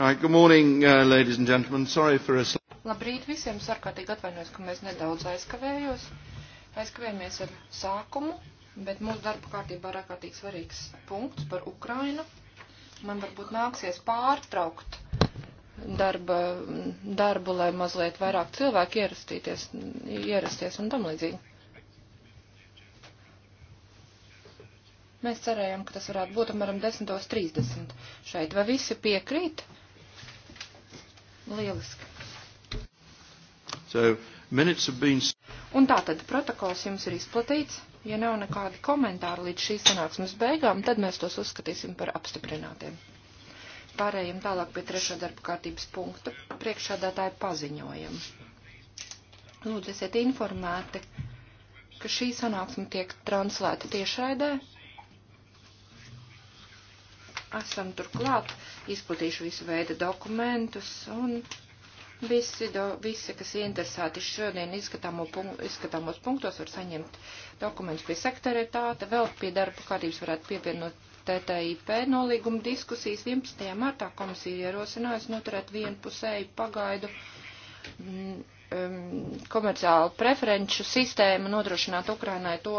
Right, good morning, uh, ladies and gentlemen. Sorry for us. Labrīt visiem, sarkārtīgi atvainojos, ka mēs nedaudz aizkavējos. Aizkavējamies ar sākumu, bet mūsu darba kārtībā ir ārkārtīgi svarīgs punkts par Ukrainu. Man varbūt nāksies pārtraukt darba, darbu, lai mazliet vairāk cilvēku ierastīties, ierasties un tam līdzīgi. Mēs cerējām, ka tas varētu būt apmēram 10.30 šeit. Vai visi piekrīt? Uh, Lieliski. So, been... Un tātad protokols jums ir izplatīts. Ja nav nekādi komentāri līdz šīs sanāksmes beigām, tad mēs tos uzskatīsim par apstiprinātiem. Pārējiem tālāk pie trešā darba kārtības punkta priekšādātāja paziņojam. Lūdzu, esiet informēti, ka šī sanāksme tiek translēta tiešraidē. Esam turklāt izplatīšu visu veidu dokumentus un visi, do, visi kas interesēti šodien izskatāmo punktu, izskatāmos punktos, var saņemt dokumentus pie sekretaritāta, vēl pie darba kārtības varētu pievienot TTIP nolīguma diskusijas 11. martā komisija ierosinājusi noturēt vienpusēju pagaidu. Mm, um, komerciālu preferenču sistēmu nodrošināt Ukrainai to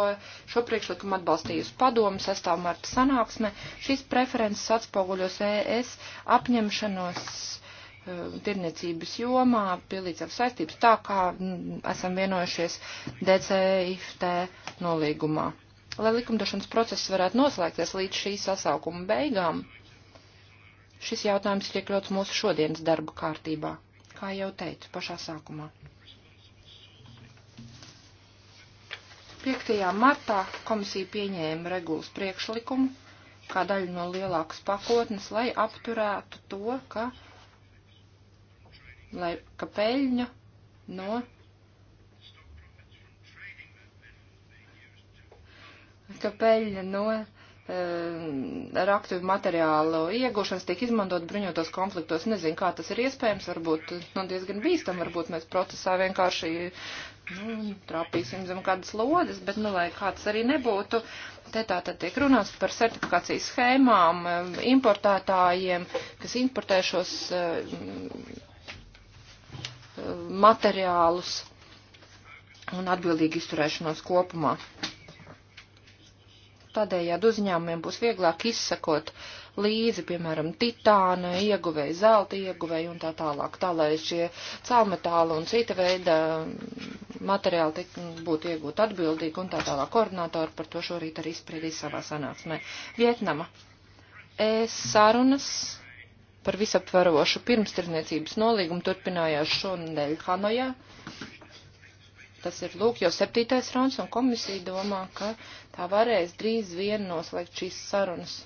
šo priekšlikumu atbalstījusi padomu 6. marta sanāksme. Šīs preferences atspoguļos ES apņemšanos um, tirniecības jomā, pielīdzēm saistības tā, kā m, mm, esam vienojušies DCIFT nolīgumā. Lai likumdošanas process varētu noslēgties līdz šī sasaukuma beigām, šis jautājums ir iekļauts mūsu šodienas darba kārtībā kā jau teicu pašā sākumā. 5. martā komisija pieņēma regulas priekšlikumu kā daļu no lielākas pakotnes, lai apturētu to, ka, lai, ka peļņa no ka peļņa no uh, Ehm, raktu materiālu iegūšanas tiek izmantot bruņotos konfliktos. Nezinu, kā tas ir iespējams, varbūt nu, diezgan bīstam, varbūt mēs procesā vienkārši nu, trāpīsim zem kādas lodes, bet, nu, lai kāds arī nebūtu, te tā tad tiek runāts par certifikācijas schēmām, ehm, importētājiem, kas importē šos ehm, materiālus un atbildīgi izturēšanos kopumā. Tādējādi uzņēmumiem būs vieglāk izsakot līdzi, piemēram, titāna ieguvēja, zelta ieguvēja un tā tālāk, tā lai šie cēlmetāli un cita veida materiāli tik, būtu iegūti atbildīgi un tā tālāk. Koordinātori par to šorīt arī spriedīs savā sanāksmē. Vietnama. Es sarunas par visaptvarošu pirmstirniecības nolīgumu turpinājās šonadēļ Hanojā. Tas ir lūk jau septītais rauns, un komisija domā, ka tā varēs drīz vien noslēgt šīs sarunas.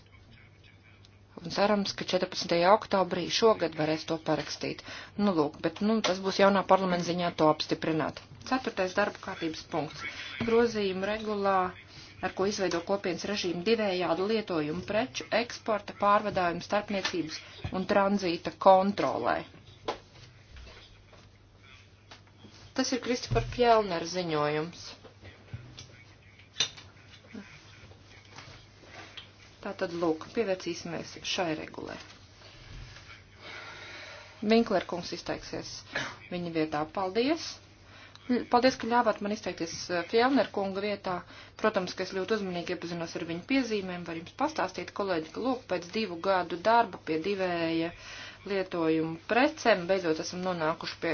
Un cerams, ka 14. oktobrī šogad varēs to parakstīt. Nu, lūk, bet, nu, tas būs jaunā parlamenta ziņā to apstiprināt. Ceturtais darba kārtības punkts. Grozījuma regulā, ar ko izveido kopienas režīmu divējādu lietojumu preču, eksporta, pārvadājumu, starpniecības un tranzīta kontrolē. Tas ir Kristofer Fjellner ziņojums. Tātad, lūk, pievērsīsimies šai regulē. Vinklerkungs izteiksies viņa vietā. Paldies! Paldies, ka ļāvāt man izteikties eh, Fjellner kunga vietā. Protams, ka es ļoti uzmanīgi iepazinos ar viņu piezīmēm. Var jums pastāstīt, kolēģi, ka lūk, pēc divu gadu darba pie divēja. Uh, lietojumu precēm. Beidzot esam nonākuši pie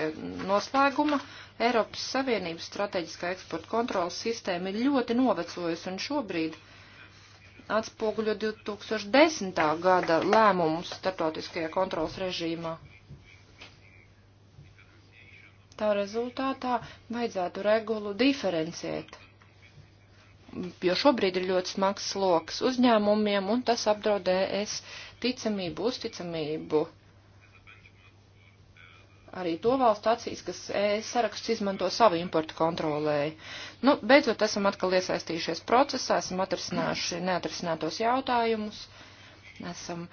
noslēguma. Eiropas Savienības strateģiskā eksporta kontrolas sistēma ir ļoti novecojusi un šobrīd atspoguļo 2010. gada lēmumus startautiskajā kontrolas režīmā. Tā rezultātā vajadzētu regulu diferenciēt, jo šobrīd ir ļoti smags sloks uzņēmumiem un tas apdraudē es ticamību, uzticamību arī to valstu acīs, kas ES saraksts izmanto savu importu kontrolēju. Nu, beidzot, esam atkal iesaistījušies procesā, esam atrisinājuši neatrisinātos jautājumus, esam,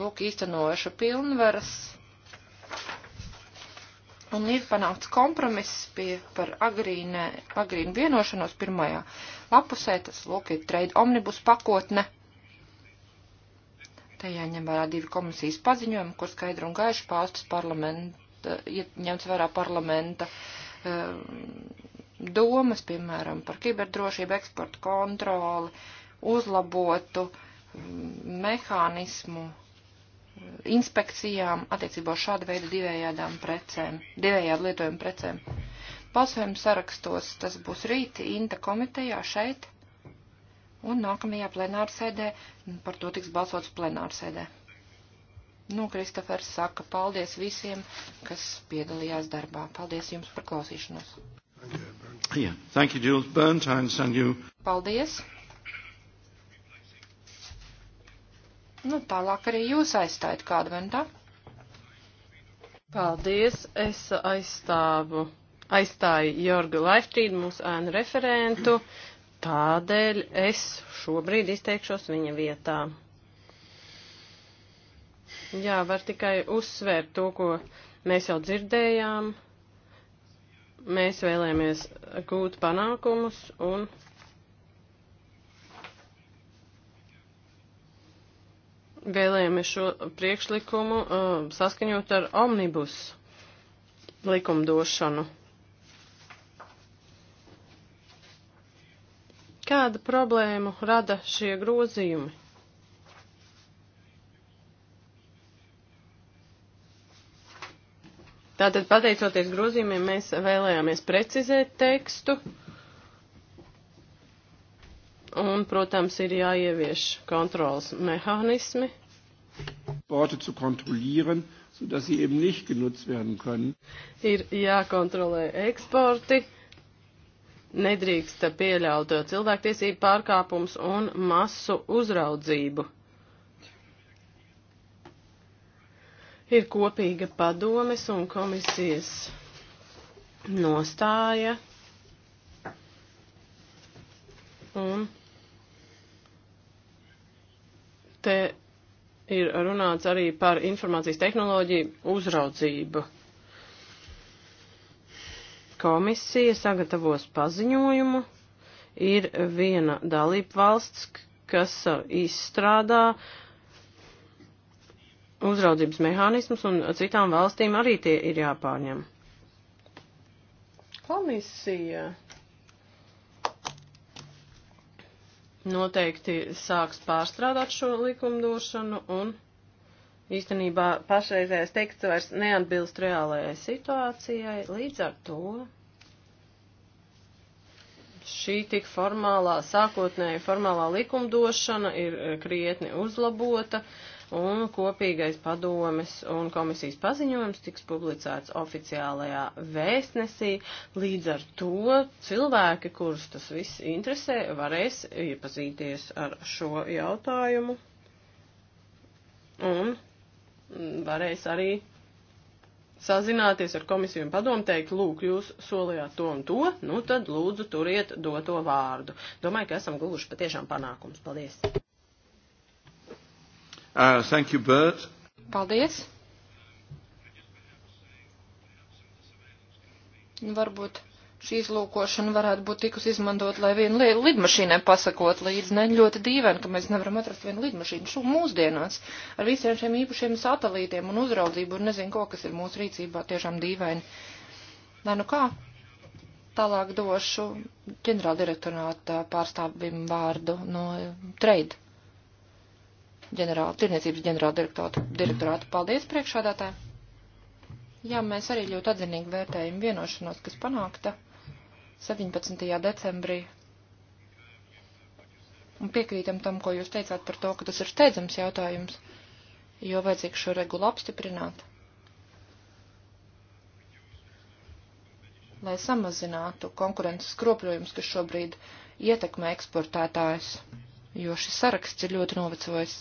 lūk, īstenojuši pilnvaras. Un ir panākts kompromiss pie, par agrīne, agrīnu vienošanos pirmajā lapusē, tas, lūk, ir trade omnibus pakotne. Tajā ņem vērā divi komisijas paziņojumi, kur skaidri un gaiši paustas parlamentu ja ņemts vērā parlamenta eh, domas, piemēram, par kiberdrošību, eksportu kontroli, uzlabotu mm, mehānismu eh, inspekcijām attiecībā uz šādu veidu divējādām precēm, divējādu lietojumu precēm. Balsojumu sarakstos tas būs rīt Inta komitejā šeit, un nākamajā plenārsēdē par to tiks balsots plenārsēdē. Nu, Kristofers saka, paldies visiem, kas piedalījās darbā. Paldies jums par klausīšanos. Yeah. Thank you, Jules Burnt. I understand you. Paldies. Nu, tālāk arī jūs aizstājat kādu, vai ne tā? Paldies, es aizstāvu, aizstāju Jorgu Laifrīdu, mūsu ēnu referentu, tādēļ es šobrīd izteikšos viņa vietā. Jā, var tikai uzsvērt to, ko mēs jau dzirdējām. Mēs vēlēmies gūt panākumus un vēlējamies šo priekšlikumu uh, saskaņot ar omnibus likumdošanu. Kāda problēmu rada šie grozījumi? Tātad, pateicoties grozījumiem, mēs vēlējāmies precizēt tekstu. Un, protams, ir jāievieš kontrols mehānismi. Orte zu kontrollieren, sodass sie eben nicht genutzt werden können. Ir jākontrolē eksporti, nedrīkst pieļaut cilvēktiesību pārkāpums un masu uzraudzību. ir kopīga padomes un komisijas nostāja un te ir runāts arī par informācijas tehnoloģiju uzraudzību. Komisija sagatavos paziņojumu, ir viena dalība valsts, kas izstrādā uh, uzraudzības mehānismus, un citām valstīm arī tie ir jāpārņem. Komisija noteikti sāks pārstrādāt šo likumdošanu, un īstenībā pašreizējais teksts vairs neatbilst reālajai situācijai, līdz ar to šī tik formālā, sākotnēji formālā likumdošana ir krietni uzlabota, un kopīgais padomes un komisijas paziņojums tiks publicēts oficiālajā vēstnesī. Līdz ar to cilvēki, kurus tas viss interesē, varēs iepazīties ar šo jautājumu un varēs arī sazināties ar komisiju un padomu teikt, lūk, jūs solījāt to un to, nu tad lūdzu turiet doto vārdu. Domāju, ka esam guvuši patiešām panākums. Paldies! Uh, thank you, Bert. Paldies. Varbūt šī izlūkošana varētu būt tikus izmantot, lai vienu lidmašīnai pasakot līdz, ne, ļoti dīvaini, ka mēs nevaram atrast vienu lidmašīnu šo mūsdienās ar visiem šiem īpašiem satelītiem un uzraudzību un nezinu, ko, kas ir mūsu rīcībā tiešām dīvaini. Nē, nu kā? Tālāk došu ģenerāldirektorāta pārstāvim vārdu no trade ģenerāla, tirniecības ģenerāla direktorāta. Paldies priekšādātāji! Jā, mēs arī ļoti atzinīgi vērtējam vienošanos, kas panākta 17. decembrī. Un piekrītam tam, ko jūs teicāt par to, ka tas ir steidzams jautājums, jo vajadzīgs šo regulu apstiprināt. lai samazinātu konkurences skropļojumus, kas šobrīd ietekmē eksportētājus, jo šis saraksts ir ļoti novecojis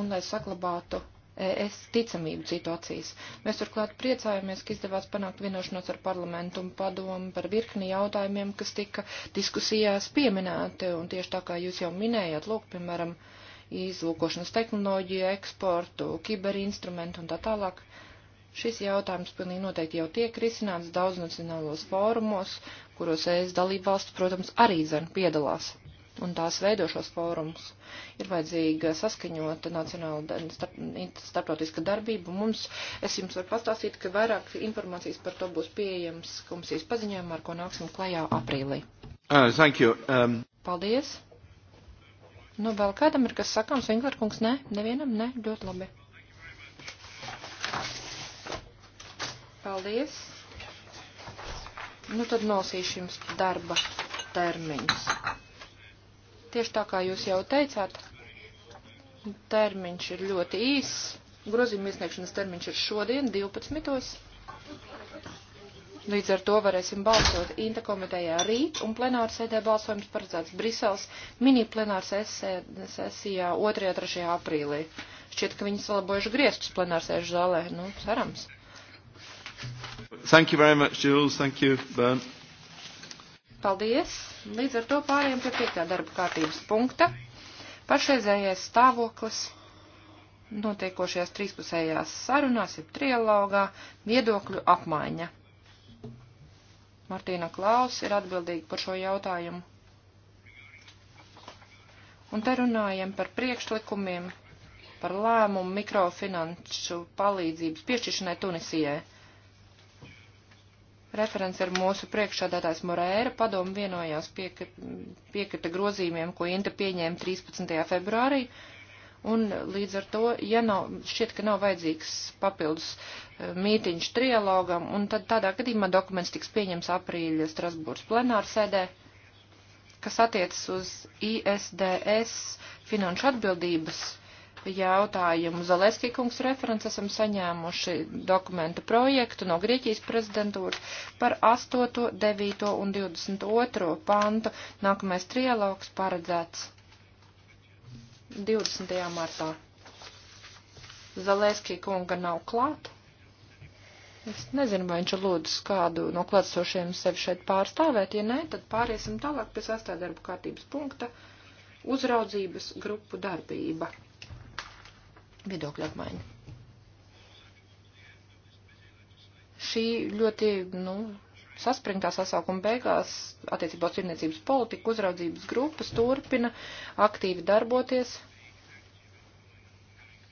un lai saglabātu ES ticamību citu acīs. Mēs turklāt priecājamies, ka izdevās panākt vienošanos ar parlamentu un padomu par virkni jautājumiem, kas tika diskusijās pieminēti, un tieši tā kā jūs jau minējāt, lūk, piemēram, izlūkošanas tehnoloģiju, eksportu, kiberinstrumentu un tā tālāk. Šis jautājums pilnīgi noteikti jau tiek risināts daudznacionālos fórumos, kuros ES dalībvalsts, protams, arī zina piedalās un tās veido šos fórumus. Ir vajadzīga saskaņota nacionāla starp, starptautiska darbība. Mums, es jums varu pastāstīt, ka vairāk informācijas par to būs pieejams komisijas paziņojumā, ar ko nāksim klajā aprīlī. Uh, thank you. Um... Paldies. Nu, vēl kādam ir kas sakāms, Vinklerkungs? Nē, ne? nevienam? Nē, ne? ļoti labi. Paldies. Nu, tad nosīšu jums darba termiņus. Tieši tā kā jūs jau teicāt, termiņš ir ļoti īss. Grozījuma iesniegšanas termiņš ir šodien, 12. Līdz ar to varēsim balsot Inta komitejā rīt, un plenāra sēdē balsojums paredzēts Brisels mini plenāra sesijā 2.3. aprīlī. Šķiet, ka viņi salabojuši griestus plenāra sēžu zālē. Nu, cerams. Thank you very much, Jules. Thank you, Bernd. Paldies! Līdz ar to pārējiem pie piektā darba kārtības punkta. Pašreizējais stāvoklis notiekošajās trīspusējās sarunās, jeb trialogā, viedokļu apmaiņa. Martīna Klaus ir atbildīga par šo jautājumu. Un te runājam par priekšlikumiem, par lēmumu mikrofinanšu palīdzības piešķiršanai Tunisijai. Referents ir mūsu priekšādātājs Morēra. Padomu vienojās piekrita grozījumiem, ko Inta pieņēma 13. februārī. Un līdz ar to, ja nav, šķiet, ka nav vajadzīgs papildus e, mītiņš trialogam, un tad tādā gadījumā dokuments tiks pieņems aprīļa Strasbūras plenārsēdē, kas attiecas uz ISDS finanšu atbildības jautājumu. Zaleski kungs referents esam saņēmuši dokumentu projektu no Grieķijas prezidentūras par 8, 9 un 22 pantu. Nākamais trialogs paredzēts 20. martā. Zaleski kunga nav klāt. Es nezinu, vai viņš lūdz kādu no klātsošiem sevi šeit pārstāvēt. Ja nē, tad pāriesim tālāk pie sastāvdarbu kārtības punkta - uzraudzības grupu darbība viedokļu apmaiņu. Šī ļoti, nu, saspringtā sasaukuma beigās attiecībā uz tirniecības politiku uzraudzības grupas turpina aktīvi darboties –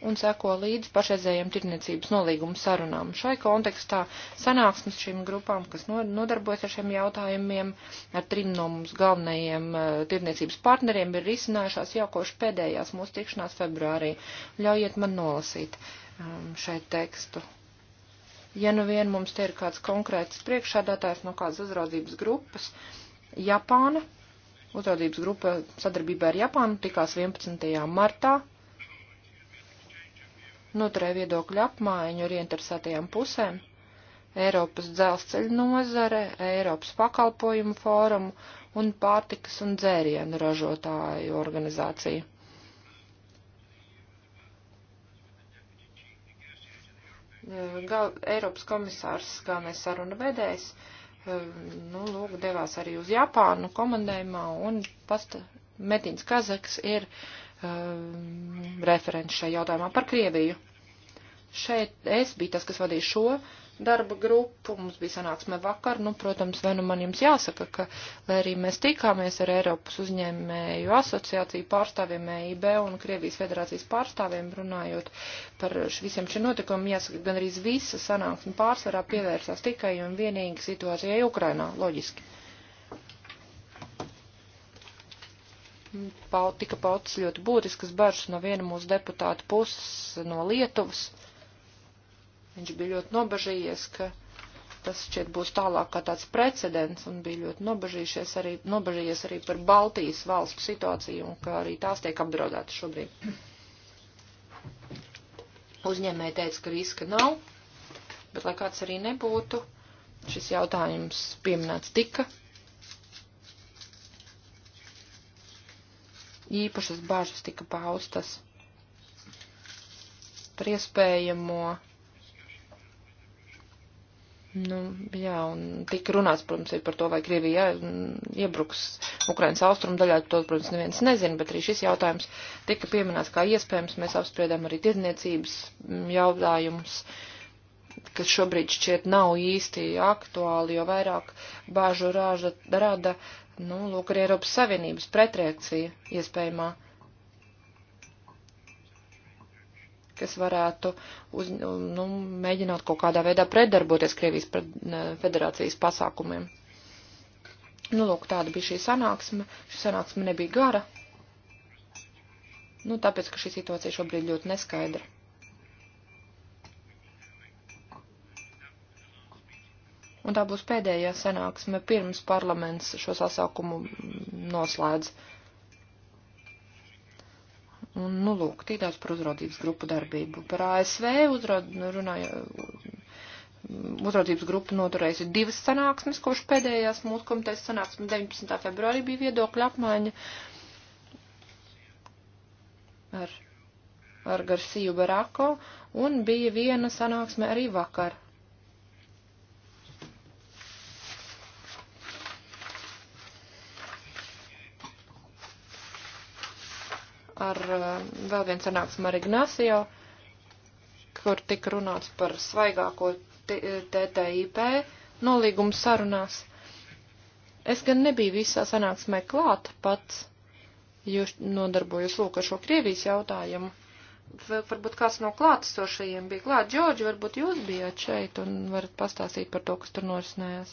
un seko līdz pašreizējiem tirniecības nolīgumu sarunām. Šai kontekstā sanāksmes šīm grupām, kas nodarbojas ar šiem jautājumiem, ar trim no mums galvenajiem eh, tirniecības partneriem, ir risinājušās jau koši pēdējās mūsu tikšanās februārī. Ļaujiet man nolasīt ehm, šeit tekstu. Ja nu vien mums te ir kāds konkrēts priekšādātājs no kādas uzraudzības grupas, Japāna, uzraudzības grupa sadarbībā ar Japānu tikās 11. martā noturēja viedokļu apmaiņu ar ieinteresētajām pusēm - Eiropas dzelzceļa nozare, Eiropas pakalpojumu fórumu un pārtikas un dzērienu ražotāju organizāciju. Gal, Eiropas komisārs, galvenais saruna vedējs, nu, lūk, devās arī uz Japānu komandējumā, un pasta Metins Kazaks ir uh, um, referents šajā jautājumā par Krieviju. Šeit es biju tas, kas vadīja šo darba grupu, mums bija sanāksme vakar, nu, protams, vai nu man jums jāsaka, ka, lai arī mēs tikāmies ar Eiropas uzņēmēju asociāciju pārstāvjiem EIB un Krievijas federācijas pārstāvjiem runājot par visiem šiem notikumiem, jāsaka, gan arī visa sanāksme pārsvarā pievērsās tikai un vienīgi situācijai Ukrainā, loģiski. Pau, tika pautas ļoti būtiskas bažas no viena mūsu deputāta puses no Lietuvas. Viņš bija ļoti nobažījies, ka tas šķiet būs tālāk kā tāds precedents un bija ļoti nobažījies arī, nobažījies arī par Baltijas valstu situāciju un ka arī tās tiek apdraudētas šobrīd. Uzņēmēji teica, ka riska nav, bet lai kāds arī nebūtu, šis jautājums pieminēts tika īpašas bažas tika paustas par iespējamo. Nu, jā, un tika runāts, protams, ir par to, vai Krievija jā, mm, iebruks Ukrainas austrumu daļā, to, protams, neviens nezina, bet arī šis jautājums tika pieminēts kā iespējams. Mēs apspriedām arī tirdzniecības mm, jautājumus, kas šobrīd šķiet nav īsti aktuāli, jo vairāk bāžu rāža, rada nu, lūk, arī Eiropas Savienības pretreakcija iespējamā, kas varētu uz, nu, mēģināt kaut kādā veidā pretdarboties Krievijas federācijas pasākumiem. Nu, lūk, tāda bija šī sanāksme. Šī sanāksme nebija gara. Nu, tāpēc, ka šī situācija šobrīd ļoti neskaidra. un tā būs pēdējā sanāksme pirms parlaments šo sasaukumu noslēdz. Un, nu, lūk, tītās par uzraudzības grupu darbību. Par ASV uzraud, nu, runāja, uzraudzības grupa noturējusi divas sanāksmes, kurš pēdējās mūsu komitejas sanāksme 19. februārī bija viedokļa apmaiņa ar, ar Garciju Barako, un bija viena sanāksme arī vakar ar eh, vēl viens sanāksmu ar Ignācio, kur tika runāts par svaigāko TTIP eh, nolīgumu sarunās. Es gan nebiju visā sanāksmē klāt pats, jo nodarbojos lūk ar šo Krievijas jautājumu. Varbūt kāds no klātesošajiem bija klāt. Džordži, varbūt jūs bijāt šeit un varat pastāstīt par to, kas tur norisinājās.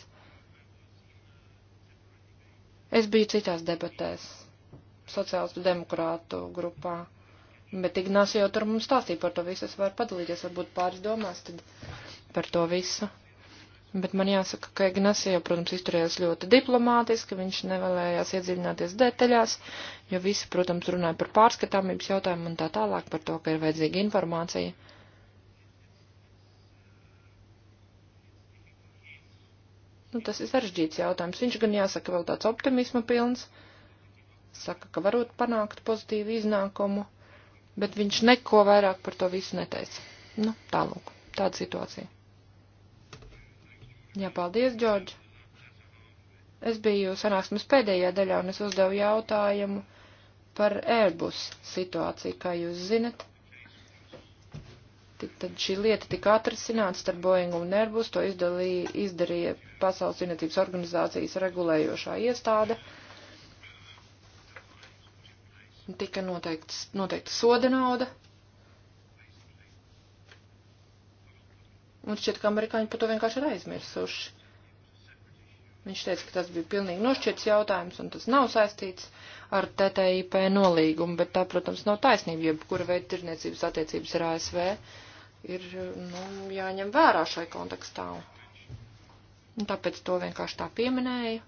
Es biju citās debatēs sociālistu demokrātu grupā. Bet Ignās jau tur mums stāstīja par to visu, es varu padalīties, varbūt pāris domās tad par to visu. Bet man jāsaka, ka Ignācijā, protams, izturējās ļoti diplomātiski, viņš nevēlējās iedziļināties detaļās, jo visi, protams, runāja par pārskatāmības jautājumu un tā tālāk par to, ka ir vajadzīga informācija. Nu, tas ir sarežģīts jautājums. Viņš gan jāsaka vēl tāds optimisma pilns. Uh, saka, ka varot panākt pozitīvu iznākumu, bet viņš neko vairāk par to visu neteica. Nu, tālūk, tāda situācija. Jā, paldies, Džordž. Es biju sanāksmes pēdējā daļā un es uzdevu jautājumu par Airbus situāciju, kā jūs zinat. Tad šī lieta tika atrisināta starp Boeing un Airbus, to izdalīja, izdarīja Pasaules vienotības organizācijas regulējošā iestāde. Uh, Tika noteikts, noteikta soda nauda. Un šķiet, ka amerikāņi par to vienkārši ir aizmirsuši. Viņš teica, ka tas bija pilnīgi nošķirts jautājums, un tas nav saistīts ar TTIP nolīgumu, bet tā, protams, nav taisnība, jebkura veida tirniecības attiecības ar ASV ir, nu, jāņem vērā šai kontekstā. Un tāpēc to vienkārši tā pieminēju.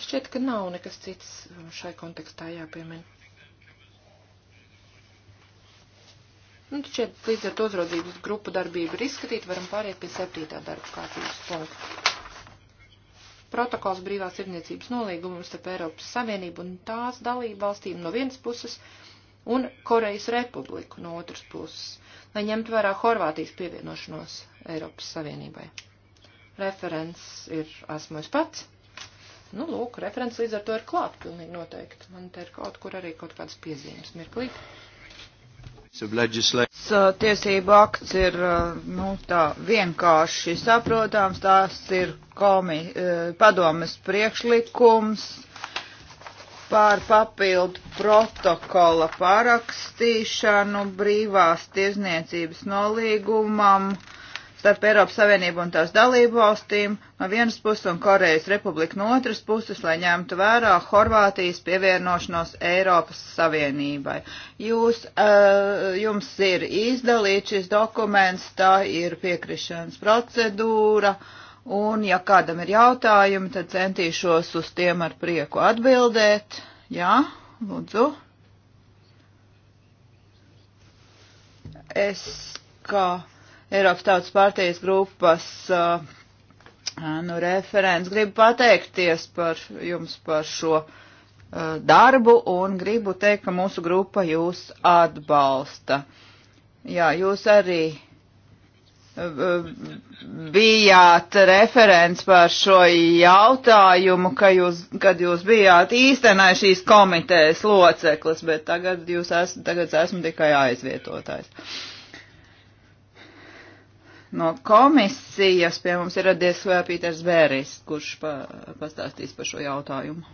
Šķiet, ka nav nekas cits uh, šai kontekstā jāpiemina. Nu, šķiet, līdz ar to uzraudzības grupu darbību ir izskatīta, varam pāriet pie septītā darba kārtības punkta. Protokols brīvās irniecības nolīgumums starp Eiropas Savienību un tās dalību valstīm no vienas puses un Korejas Republiku no otras puses, lai ņemtu vērā Horvātijas pievienošanos Eiropas Savienībai. Referents ir esmu es pats. Nu, lūk, referents līdz ar to ir klāt pilnīgi noteikti. Man te ir kaut kur arī kaut kādas piezīmes. Mirklīt. Tiesība akts ir, uh, nu, tā vienkārši saprotams, tās ir komi, uh, padomes priekšlikums par papildu protokola parakstīšanu brīvās tiesniecības nolīgumam. Uh, starp Eiropas Savienību un tās dalību valstīm no vienas puses un Korejas Republiku no otras puses, lai ņemtu vērā Horvātijas pievienošanos Eiropas Savienībai. Jūs, uh, jums ir izdalīts šis dokuments, tā ir piekrišanas procedūra, un ja kādam ir jautājumi, tad centīšos uz tiem ar prieku atbildēt. Jā, lūdzu. Es kā Eiropas Tautas partijas grupas uh, nu, referents. Gribu pateikties par jums par šo uh, darbu un gribu teikt, ka mūsu grupa jūs atbalsta. Jā, jūs arī uh, bijāt referents par šo jautājumu, ka jūs, kad jūs bijāt īstenai šīs komitejas loceklis, bet tagad jūs esat, tagad esmu tikai aizvietotājs no komisijas pie mums ir radies Pīters Bēris, kurš pa, pastāstīs par šo jautājumu.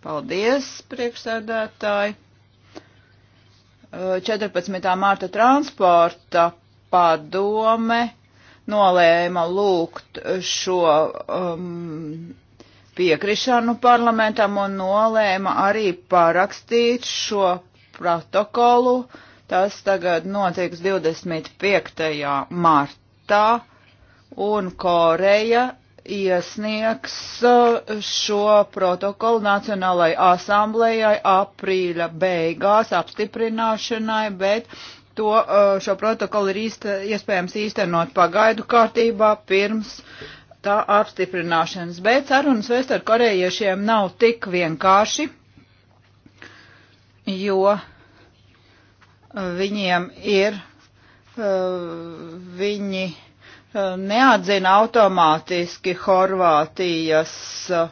Paldies, priekšsēdētāji. 14. mārta transporta padome nolēma lūgt šo um, piekrišanu parlamentam un nolēma arī parakstīt šo protokolu uh, Tas tagad notiks 25. martā, un Koreja iesniegs uh, šo protokolu Nacionālajai asamblējai aprīļa beigās apstiprināšanai, bet to, uh, šo protokolu ir īsta, iespējams īstenot pagaidu kārtībā pirms tā apstiprināšanas. Bet sarunas vēst ar korejiešiem nav tik vienkārši, jo viņiem ir, eh, viņi eh, neatzina automātiski Horvātijas eh,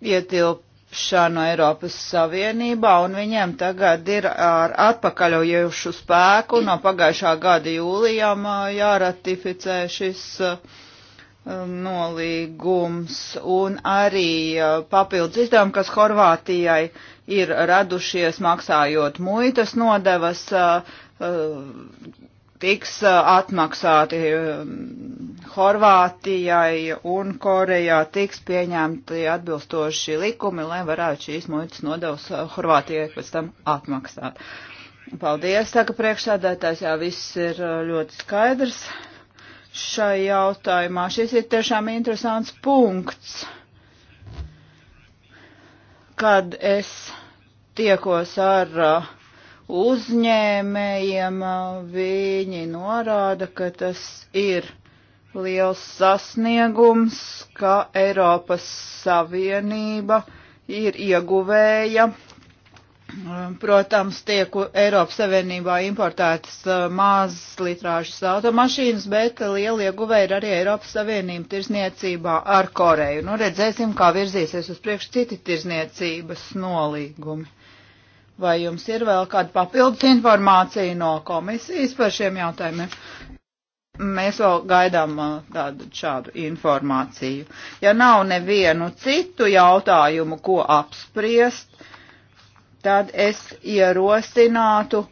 ietilpšanu Eiropas Savienībā, un viņiem tagad ir ar atpakaļojušu spēku no pagājušā gada jūlijām jāratificē šis uh, Um, nolīgums un arī uh, papildus izdevumi, kas Horvātijai ir radušies maksājot muitas nodevas, uh, uh, tiks atmaksāti um, Horvātijai un Korejā tiks pieņemti atbilstoši likumi, lai varētu šīs muitas nodevas Horvātijai pēc tam atmaksāt. Paldies, saka priekšsādātājs, jā, viss ir ļoti skaidrs šai jautājumā. Šis ir tiešām interesants punkts, kad es tiekos ar uh, uzņēmējiem, uh, viņi norāda, ka tas ir liels sasniegums, ka Eiropas Savienība ir ieguvēja Um, protams, tiek Eiropas Savienībā importētas uh, mazas litrāžas automašīnas, bet liela ieguve ir arī Eiropas Savienība tirzniecībā ar Koreju. Nu, redzēsim, kā virzīsies uz priekšu citi tirzniecības nolīgumi. Vai jums ir vēl kāda papildus informācija no komisijas par šiem jautājumiem? Mēs vēl gaidām uh, tādu šādu informāciju. Ja nav nevienu citu jautājumu, ko apspriest, tad es ierosinātu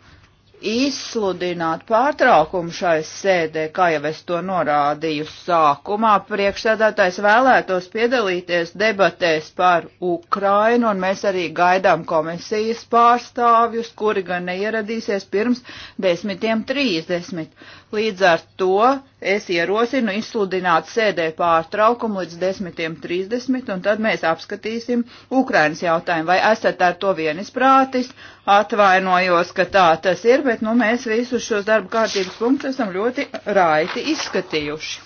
izsludināt pārtraukumu šai sēdē, kā jau es to norādīju sākumā. Priekšsēdētājs vēlētos piedalīties debatēs par Ukrainu, un mēs arī gaidām komisijas pārstāvjus, kuri gan neieradīsies pirms 10.30. Līdz ar to es ierosinu izsludināt sēdē pārtraukumu līdz 10.30, un tad mēs apskatīsim Ukrainas jautājumu. Vai esat ar to vienisprātis? Atvainojos, ka tā tas ir, bet nu, mēs visus šos darba kārtības punktus esam ļoti raiti izskatījuši.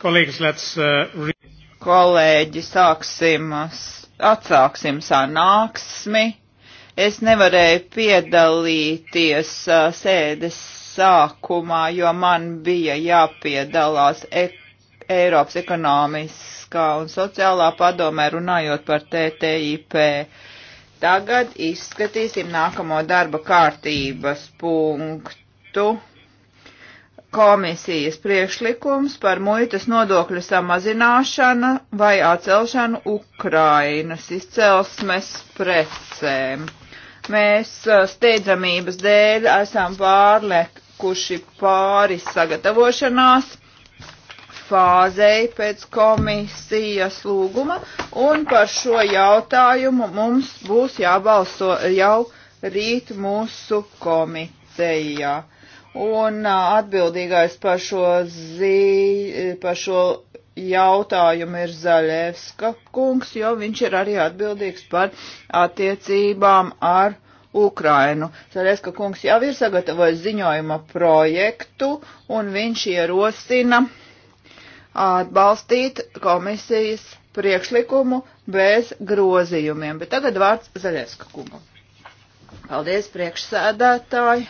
Kolēģis, let's, uh, Kolēģi, sāksim, atsāksim sanāksmi. Es nevarēju piedalīties uh, sēdes sākumā, jo man bija jāpiedalās e Eiropas ekonomiskā un sociālā padomē runājot par TTIP. Tagad izskatīsim nākamo darba kārtības punktu komisijas priekšlikums par muitas nodokļu samazināšanu vai atcelšanu Ukrainas izcelsmes precēm. Mēs steidzamības dēļ esam pārlekuši pāri sagatavošanās fāzei pēc komisijas lūguma, un par šo jautājumu mums būs jābalso jau rīt mūsu komitejā. Ja un atbildīgais par šo, zī, par šo jautājumu ir Zaļevska kungs, jo viņš ir arī atbildīgs par attiecībām ar Ukrainu. Zaļevska kungs jau ir sagatavojis ziņojuma projektu, un viņš ierosina atbalstīt komisijas priekšlikumu bez grozījumiem. Bet tagad vārds Zaļevska kungam. Paldies, priekšsēdētāji!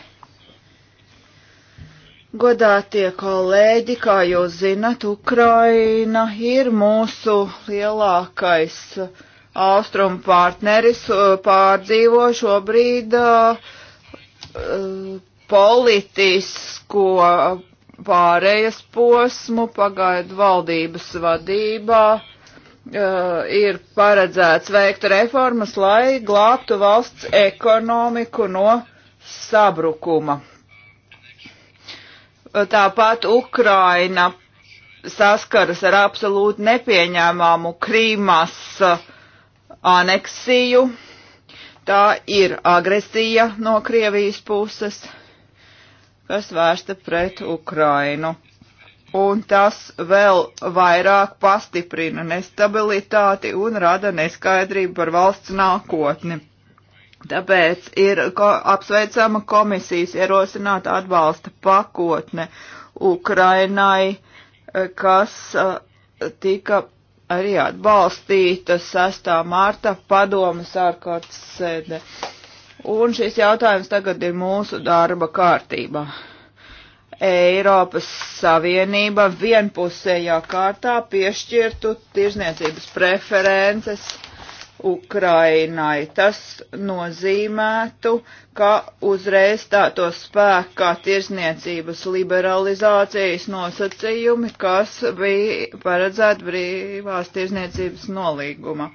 Godātie kolēģi, kā jūs zinat, Ukraina ir mūsu lielākais uh, austrumu partneris, uh, pārdzīvo šobrīd uh, politisko pārējas posmu pagaidu valdības vadībā. Uh, ir paredzēts veikt reformas, lai glābtu valsts ekonomiku no sabrukuma. Tāpat Ukraina saskaras ar absolūti nepieņēmāmu Krīmas uh, aneksiju. Tā ir agresija no Krievijas puses, kas vērsta pret Ukrainu. Un tas vēl vairāk pastiprina nestabilitāti un rada neskaidrību par valsts nākotni. Tāpēc ir ko, apsveicama komisijas ierosināta atbalsta pakotne Ukrainai, eh, kas eh, tika arī atbalstīta 6. mārta padomas ārkārtas sēde. Un šis jautājums tagad ir mūsu darba kārtībā. Eiropas Savienība vienpusējā kārtā piešķirtu tirzniecības preferences Ukrainai. Tas nozīmētu, ka uzreiz tātos spēkā tirzniecības liberalizācijas nosacījumi, kas bija paredzēti brīvās tirzniecības nolīguma.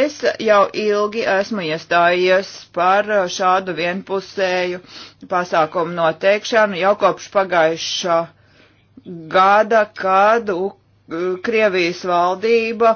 Es jau ilgi esmu iestājies par šādu vienpusēju pasākumu noteikšanu jau kopš pagājušā gada, kad Ukraina Krievijas valdība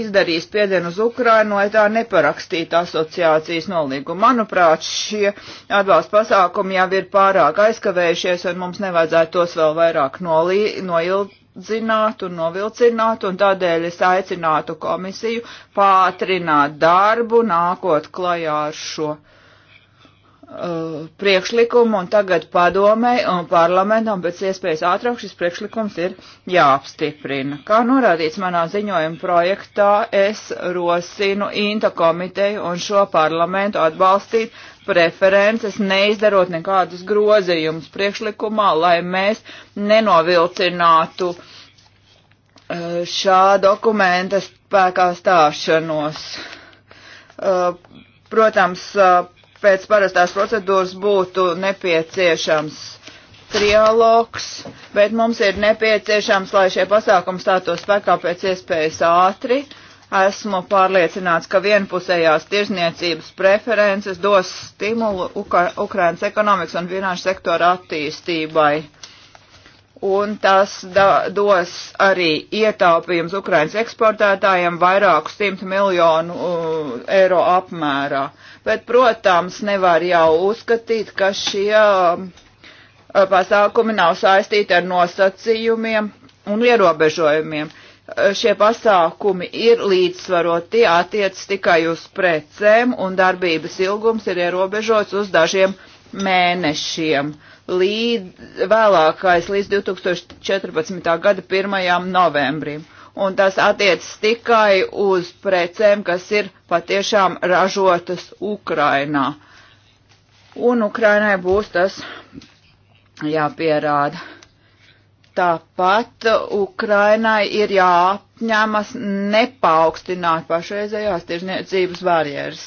izdarīs piedienu uz Ukrainu, lai tā neparakstītu asociācijas nolīgumu. Manuprāt, šie atbalsta pasākumi jau ir pārāk aizkavējušies, un mums nevajadzētu tos vēl vairāk nolī, noildzināt un novilcināt, un tādēļ es aicinātu komisiju pātrināt darbu, nākot klajā ar šo uh, priekšlikumu, un tagad padomei un parlamentam pēc iespējas ātrāk šis priekšlikums ir jāapstiprina. Kā norādīts manā ziņojuma projektā, es rosinu Inta komiteju un šo parlamentu atbalstīt preferences, neizdarot nekādus grozījumus priekšlikumā, lai mēs nenovilcinātu uh, šā dokumenta spēkā stāšanos. Uh, protams, uh, pēc parastās procedūras būtu nepieciešams trialogs, bet mums ir nepieciešams, lai šie pasākumi stātos spēkā pēc iespējas ātri. Esmu pārliecināts, ka vienpusējās tirzniecības preferences dos stimulu Uka Ukrainas ekonomikas un finanšu sektora attīstībai. Un tas da, dos arī ietaupījums Ukrainas eksportētājiem vairāku simtu miljonu uh, eiro apmērā. Uh, bet, protams, nevar jau uzskatīt, ka šie pasākumi nav saistīti ar nosacījumiem un ierobežojumiem. Šie pasākumi ir līdzsvaroti, attiec tikai uz precēm, un darbības ilgums ir ierobežots uz dažiem mēnešiem līdz vēlākais līdz 2014. gada 1. novembrim un tas attiec tikai uz precēm, kas ir patiešām ražotas Ukrainā. Un Ukrainai būs tas jāpierāda. Tāpat Ukrainai ir jāapņemas nepaukstināt pašreizējās tirzniecības barjeras.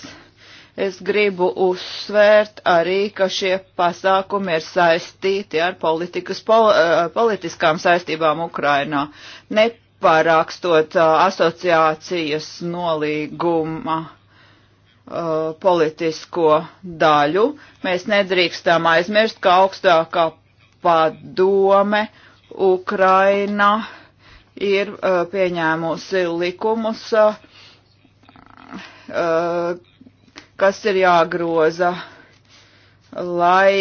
Es gribu uzsvērt arī, ka šie pasākumi ir saistīti ar politikas, pol, eh, politiskām saistībām Ukrainā. Ne pārākstot asociācijas nolīguma politisko daļu. Mēs nedrīkstam aizmirst, ka augstākā padome Ukraina ir pieņēmusi likumus, kas ir jāgroza, lai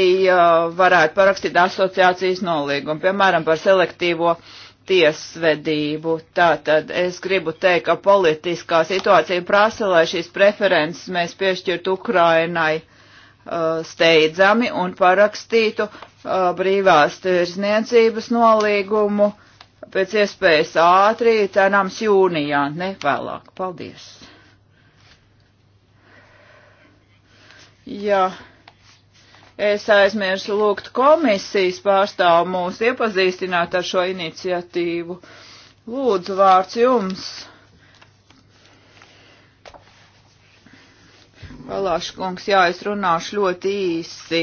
varētu parakstīt asociācijas nolīgumu, piemēram, par selektīvo uh, tiesvedību. Tātad es gribu teikt, ka politiskā situācija prasa, lai šīs preferences mēs piešķirtu Ukrainai uh, steidzami un parakstītu uh, brīvās tirzniecības nolīgumu pēc iespējas ātri, cenāms jūnijā, ne vēlāk. Paldies! Jā. Ja Es aizmirsu lūgt komisijas pārstāvu mūs iepazīstināt ar šo iniciatīvu. Lūdzu, vārds jums. Palāškungs, jā, es runāšu ļoti īsi.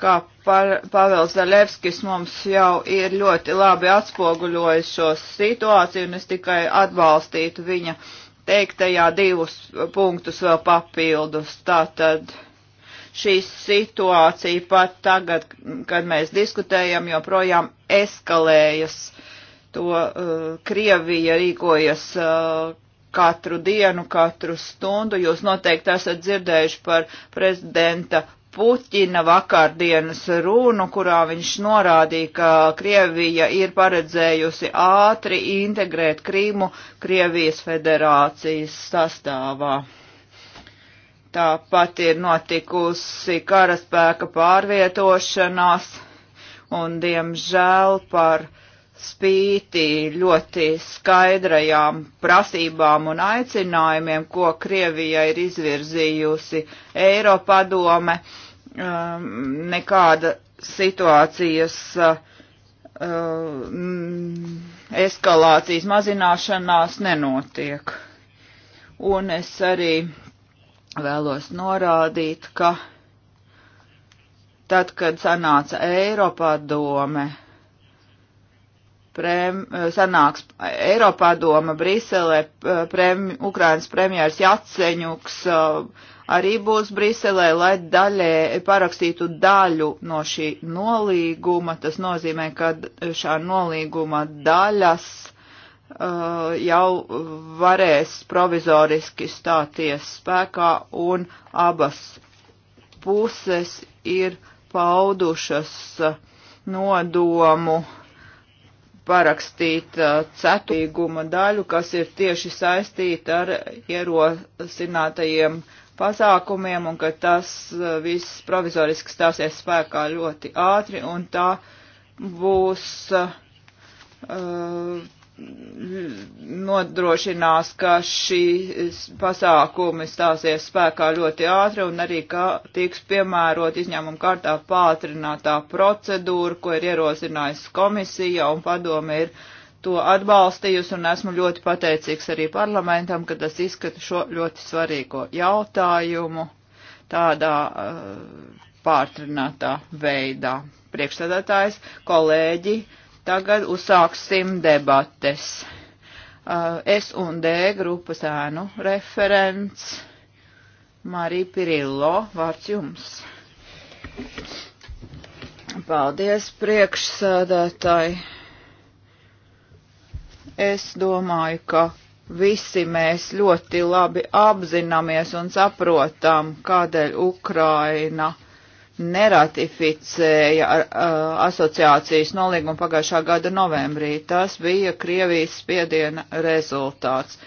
Kā Pāvils Zaļevskis mums jau ir ļoti labi atspoguļojis šo situāciju, un es tikai atbalstītu viņa teiktajā divus punktus vēl papildus. Tātad šī situācija pat tagad, kad mēs diskutējam, joprojām eskalējas. To uh, Krievija rīkojas uh, katru dienu, katru stundu. Jūs noteikti esat dzirdējuši par prezidenta Puķina vakardienas runu, kurā viņš norādīja, ka Krievija ir paredzējusi ātri integrēt Krīmu Krievijas federācijas sastāvā. Tāpat ir notikusi karaspēka pārvietošanās un, diemžēl, par spīti ļoti skaidrajām prasībām un aicinājumiem, ko Krievija ir izvirzījusi Eiropadome, um, nekāda situācijas uh, um, eskalācijas mazināšanās nenotiek. Un es arī vēlos norādīt, ka tad, kad sanāca Eiropadome, prem, sanāks Eiropadoma Briselē, prem, Ukrainas premjērs Jaceņuks eh, arī būs Briselē, lai daļē parakstītu daļu no šī nolīguma. Tas nozīmē, ka šā nolīguma daļas Uh, jau varēs provizoriski stāties spēkā un abas puses ir paudušas uh, nodomu parakstīt uh, ceturtīguma daļu, kas ir tieši saistīta ar ierosinātajiem pasākumiem un ka tas viss provizoriski stāsies spēkā ļoti ātri un tā būs uh, nodrošinās, ka šī pasākumi stāsies spēkā ļoti ātri un arī, ka tiks piemērot izņēmuma kārtā pātrinātā procedūra, ko ir ierosinājusi komisija un padome ir to atbalstījusi un esmu ļoti pateicīgs arī parlamentam, ka tas izskata šo ļoti svarīgo jautājumu tādā uh, pātrinātā veidā. Priekšsēdētājs, kolēģi, uh, Tagad uzsāksim debates. Uh, S un D grupas ēnu referents Marija Pirillo, vārds jums. Paldies, priekšsādātāji. Es domāju, ka visi mēs ļoti labi apzināmies un saprotam, kādēļ Ukraina neratificēja ar, a, uh, asociācijas nolīgumu pagājušā gada novembrī. Tas bija Krievijas spiediena rezultāts.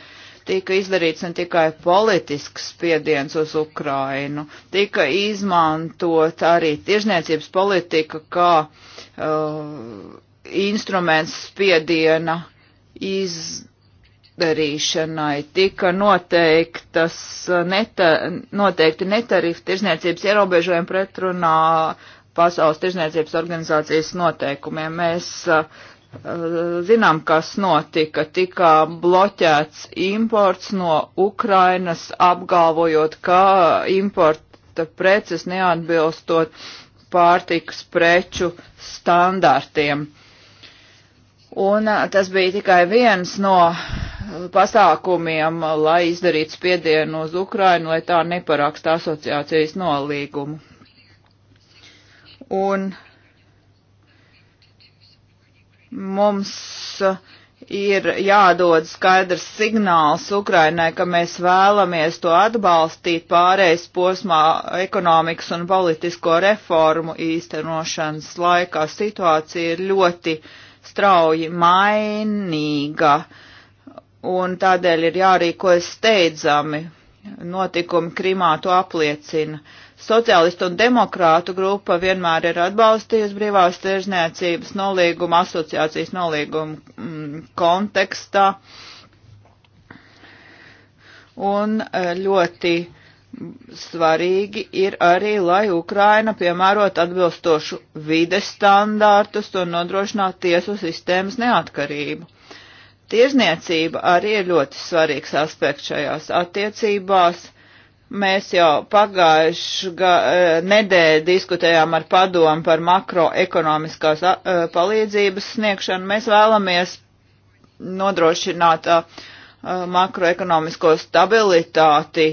Tika izdarīts ne tikai politisks spiediens uz Ukrainu, tika izmantot arī tiešniecības politika kā uh, instruments spiediena iz, darīšanai tika noteiktas, uh, neta, noteikti netarifu tirzniecības ierobežojumi pretrunā Pasaules tirzniecības organizācijas noteikumiem. Mēs uh, uh, zinām, kas notika. Tika bloķēts imports no Ukrainas, apgalvojot, ka importa preces neatbilstot pārtikas preču standartiem. Un uh, tas bija tikai viens no uh, pasākumiem, lai izdarītu spiedienu uz Ukrainu, lai tā neparaksta asociācijas nolīgumu. Un mums uh, ir jādod skaidrs signāls Ukrainai, ka mēs vēlamies to atbalstīt pārējais posmā ekonomikas un politisko reformu īstenošanas laikā. Situācija ir ļoti strauji mainīga. Uh, un tādēļ ir jārīkojas steidzami. Notikumi Krimā to apliecina. Sociālistu un demokrātu grupa vienmēr ir atbalstījusi brīvās tirzniecības nolīgumu, asociācijas nolīgumu mm, kontekstā. Un e, ļoti svarīgi ir arī, lai Ukraina piemērot atbilstošu vides standārtus un nodrošinātu tiesu sistēmas neatkarību Tirzniecība arī ir ļoti svarīgs aspekts šajās attiecībās. Mēs jau pagājuši e, nedēļu diskutējām ar padomu par makroekonomiskās e, palīdzības sniegšanu. Mēs vēlamies nodrošināt e, makroekonomisko stabilitāti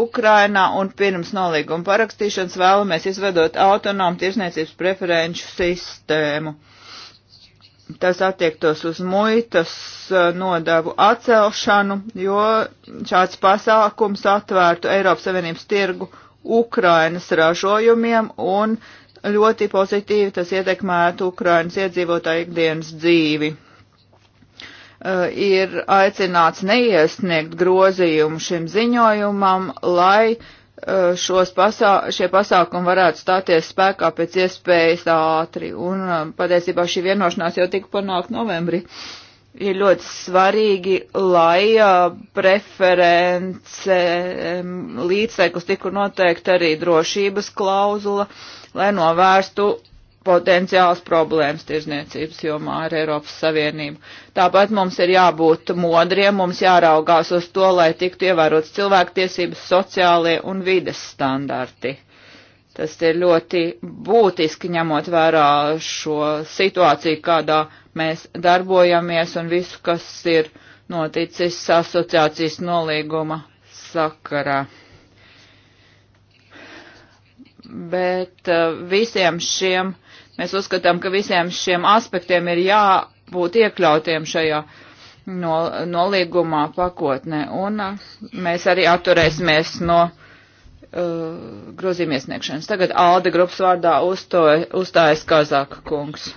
Ukrainā un pirms nolīguma parakstīšanas vēlamies izvedot autonomu tirsniecības preferenču sistēmu tas attiektos uz muitas nodevu atcelšanu, jo šāds pasākums atvērtu Eiropas Savienības tirgu Ukrainas ražojumiem un ļoti pozitīvi tas ietekmētu Ukrainas iedzīvotāju ikdienas dzīvi. Uh, ir aicināts neiesniegt grozījumu šim ziņojumam, lai uh, Eh, šos pasā, šie pasākumi varētu stāties spēkā pēc iespējas ātri. Un eh, patiesībā šī vienošanās jau tika panākt novembrī. Ir ļoti svarīgi, lai eh, preference līdztekus tiku noteikti arī drošības klauzula, lai novērstu potenciāls problēmas tirzniecības jomā ar Eiropas Savienību. Tāpat mums ir jābūt modriem, mums jāraugās uz to, lai tiktu ievērots cilvēktiesības, sociālie un vides standarti. Tas ir ļoti būtiski ņemot vērā šo situāciju, kādā mēs darbojamies un visu, kas ir noticis asociācijas nolīguma sakarā bet uh, visiem šiem Mēs uzskatām, ka visiem šiem aspektiem ir jābūt iekļautiem šajā no, nolīgumā pakotnē. Un uh, mēs arī atturēsimies no uh, grozījuma iesniegšanas. Tagad Alde grupas vārdā uzto, uzstājas Kazaka kungs.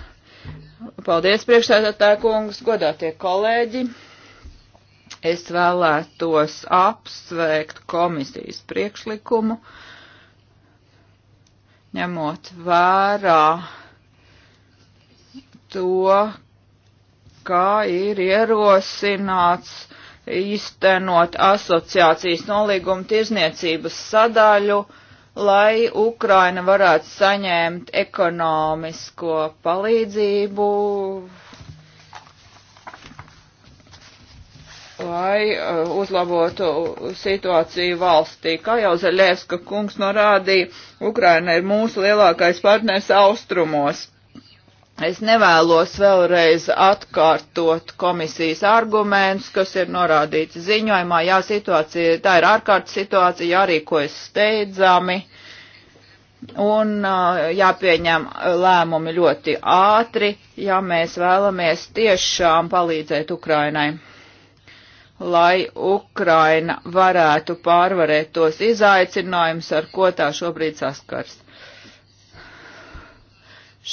Paldies, priekšsēdētāja kungs, godātie kolēģi. Es vēlētos apsveikt komisijas priekšlikumu, ņemot vērā to, kā ir ierosināts īstenot asociācijas nolīgumu tirzniecības sadaļu, lai Ukraina varētu saņemt ekonomisko palīdzību, lai uh, uzlabotu situāciju valstī. Kā jau Zaļieska kungs norādīja, Ukraina ir mūsu lielākais partners austrumos Es nevēlos vēlreiz atkārtot komisijas argumentus, kas ir norādīts ziņojumā. Jā, situācija, tā ir ārkārtas situācija, jārīkojas steidzami un uh, jāpieņem lēmumi ļoti ātri, ja mēs vēlamies tiešām palīdzēt Ukrainai, lai Ukraina varētu pārvarēt tos izaicinājumus, ar ko tā šobrīd saskars.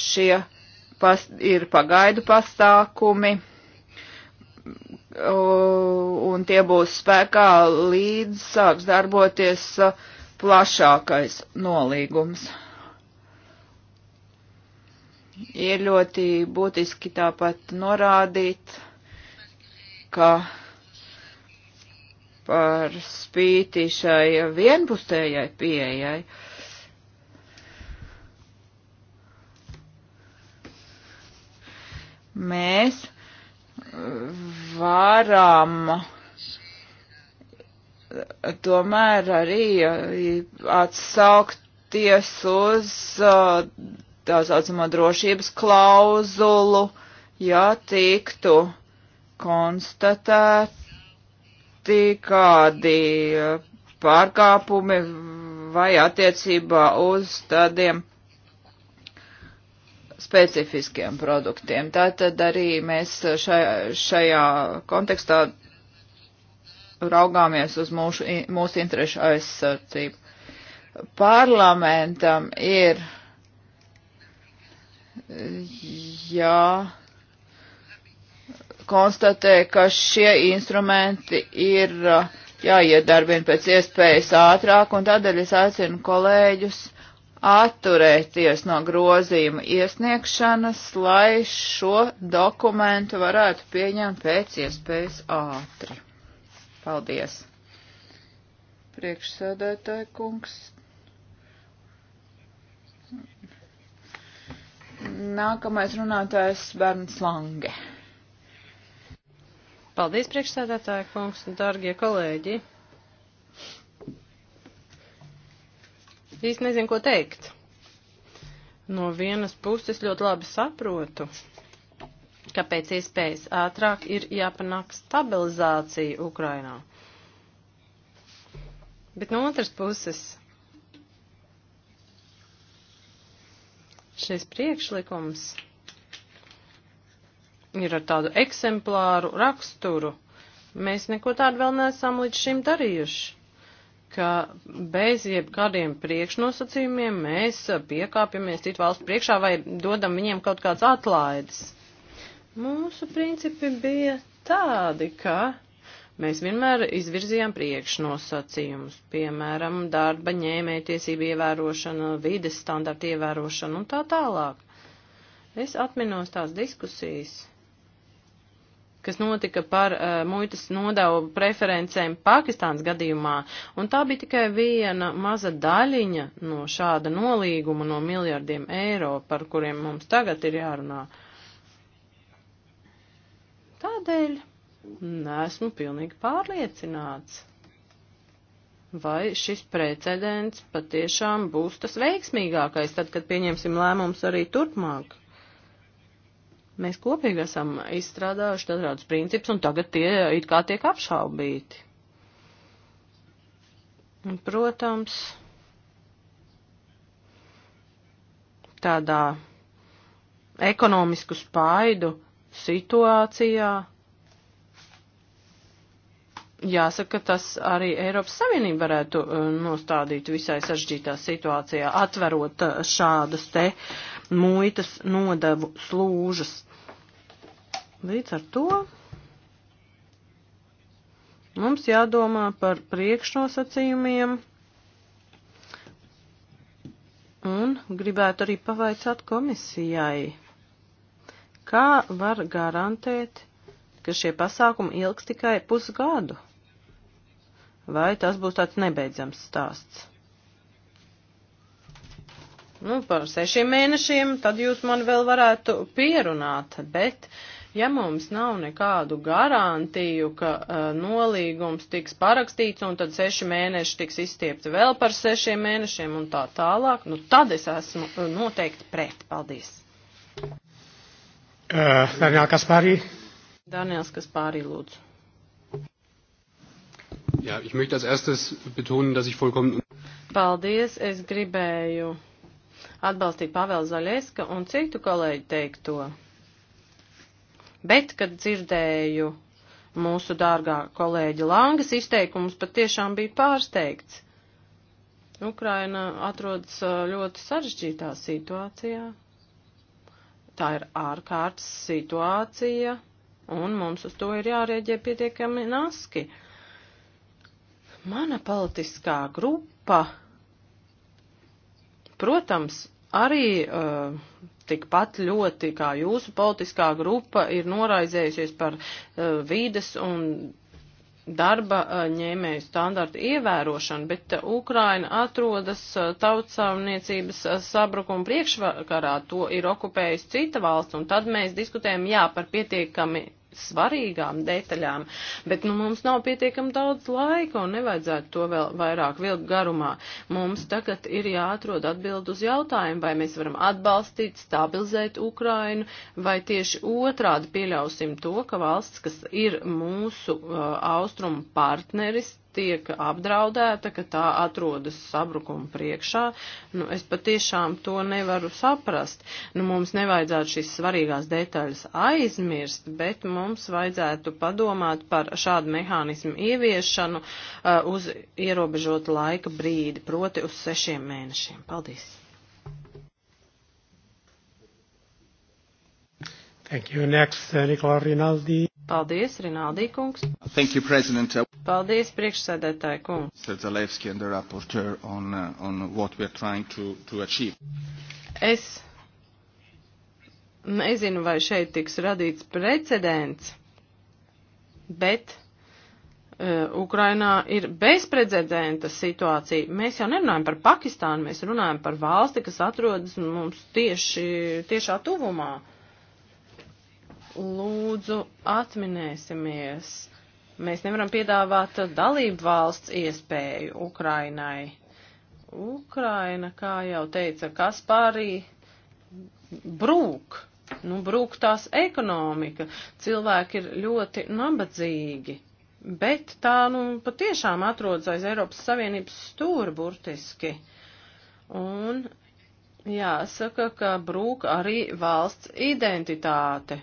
Šie pas, ir pagaidu pasākumi, un tie būs spēkā līdz sāks darboties plašākais nolīgums. Ir ļoti būtiski tāpat norādīt, ka par spīti šai vienpusējai pieejai uh, mēs uh, varam uh, tomēr arī uh, atsaukties uz tā saucamo drošības klauzulu, ja tiktu konstatēti kādi pārkāpumi vai attiecībā uz tādiem specifiskiem produktiem. Tātad arī mēs šajā, šajā kontekstā raugāmies uz mūsu, mūsu interešu aizsardzību. Parlamentam ir jā konstatē, ka šie instrumenti ir jāiedarbina pēc iespējas ātrāk, un tādēļ es aicinu kolēģus atturēties no grozījuma iesniegšanas, lai šo dokumentu varētu pieņemt pēc iespējas ātri. Paldies. Priekšsēdētāji kungs. Nākamais runātājs Bērns Lange. Paldies, priekšsēdētāji kungs un dargie kolēģi. īsti nezinu, ko teikt. No vienas puses ļoti labi saprotu, ka pēc iespējas ātrāk ir jāpanāk stabilizācija Ukrainā. Bet no otras puses šis priekšlikums ir ar tādu eksemplāru raksturu. Mēs neko tādu vēl neesam līdz šim darījuši ka bez jebkādiem priekšnosacījumiem mēs piekāpjamies citu valstu priekšā vai dodam viņiem kaut kāds atlaides. Mūsu principi bija tādi, ka mēs vienmēr izvirzījām priekšnosacījumus, piemēram, darba ņēmētiesību ievērošana, vides standarta ievērošana un tā tālāk. Es atminos tās diskusijas kas notika par uh, muitas nodevu preferencēm Pakistāns gadījumā, un tā bija tikai viena maza daļiņa no šāda nolīguma no miljardiem eiro, par kuriem mums tagad ir jārunā. Tādēļ nesmu pilnīgi pārliecināts vai šis precedents patiešām būs tas veiksmīgākais, tad, kad pieņemsim lēmums arī turpmāk. Mēs kopīgi esam izstrādājuši dažādus principus, un tagad tie it kā tiek apšaubīti. Un, protams, tādā ekonomisku spaidu situācijā jāsaka, tas arī Eiropas Savienība varētu e, nostādīt visai sažģītā situācijā, atverot e, šādas te muitas nodevu slūžas. Līdz ar to mums jādomā par priekšnosacījumiem un gribētu arī pavaicāt komisijai, kā var garantēt ka šie pasākumi ilgs tikai pusgadu. Vai tas būs tāds nebeidzams stāsts? Nu, par sešiem mēnešiem tad jūs man vēl varētu pierunāt, bet ja mums nav nekādu garantiju, ka uh, nolīgums tiks parakstīts un tad seši mēneši tiks izstiepti vēl par sešiem mēnešiem un tā tālāk, nu tad es esmu e, noteikti pret. Paldies. Uh, e, Kaspārī. Daniels, kas pārī lūdzu. Jā, ich möchte als erstes betonen, dass ich vollkommen. Paldies, es gribēju atbalstīt Pavela Zaļieska un citu kolēģi teikto. Bet, kad dzirdēju mūsu dārgā kolēģa Langas izteikumus, patiešām bija pārsteigts. Ukraina atrodas uh, ļoti sarežģītā situācijā. Tā ir ārkārtas situācija un mums uz to ir jārēģē pietiekami naski. Mana politiskā grupa, protams, arī uh, tikpat ļoti kā jūsu politiskā grupa ir noraizējusies par uh, vīdes un darba ņēmēju standartu ievērošanu, bet Ukraina atrodas tautsāvniecības sabrukuma priekšvakarā, to ir okupējis cita valsts, un tad mēs diskutējam, jā, par pietiekami svarīgām detaļām, bet nu, mums nav pietiekami daudz laika un nevajadzētu to vēl vairāk vilkt garumā. Mums tagad ir jāatrod atbild uz jautājumu, vai mēs varam atbalstīt, stabilizēt Ukrainu, vai tieši otrādi pieļausim to, ka valsts, kas ir mūsu uh, austrumu partneris, tiek apdraudēta, ka tā atrodas sabrukuma priekšā, nu, es patiešām to nevaru saprast. Nu, mums nevajadzētu šīs svarīgās detaļas aizmirst, bet mums vajadzētu padomāt par šādu mehānismu ieviešanu uh, uz ierobežotu laika brīdi, proti uz sešiem mēnešiem. Paldies! Thank you. Next, uh, Nikola Rinaldi. Paldies, Rinaldī kungs. Thank you, President. Paldies, priekšsēdētāji kungs. Mr. Zalewski and the rapporteur on, uh, on what we are trying to, to achieve. Es nezinu, vai šeit tiks radīts precedents, bet uh, Ukrainā ir bezprecedenta situācija. Mēs jau nerunājam par Pakistānu, mēs runājam par valsti, kas atrodas mums tieši, tiešā tuvumā. Uh, lūdzu atminēsimies. Mēs nevaram piedāvāt dalību valsts iespēju Ukrainai. Ukraina, kā jau teica Kaspārī, brūk. Nu, brūk tās ekonomika. Cilvēki ir ļoti nabadzīgi. Bet tā, nu, patiešām atrodas aiz Eiropas Savienības stūra burtiski. Un jāsaka, ka brūk arī valsts identitāte.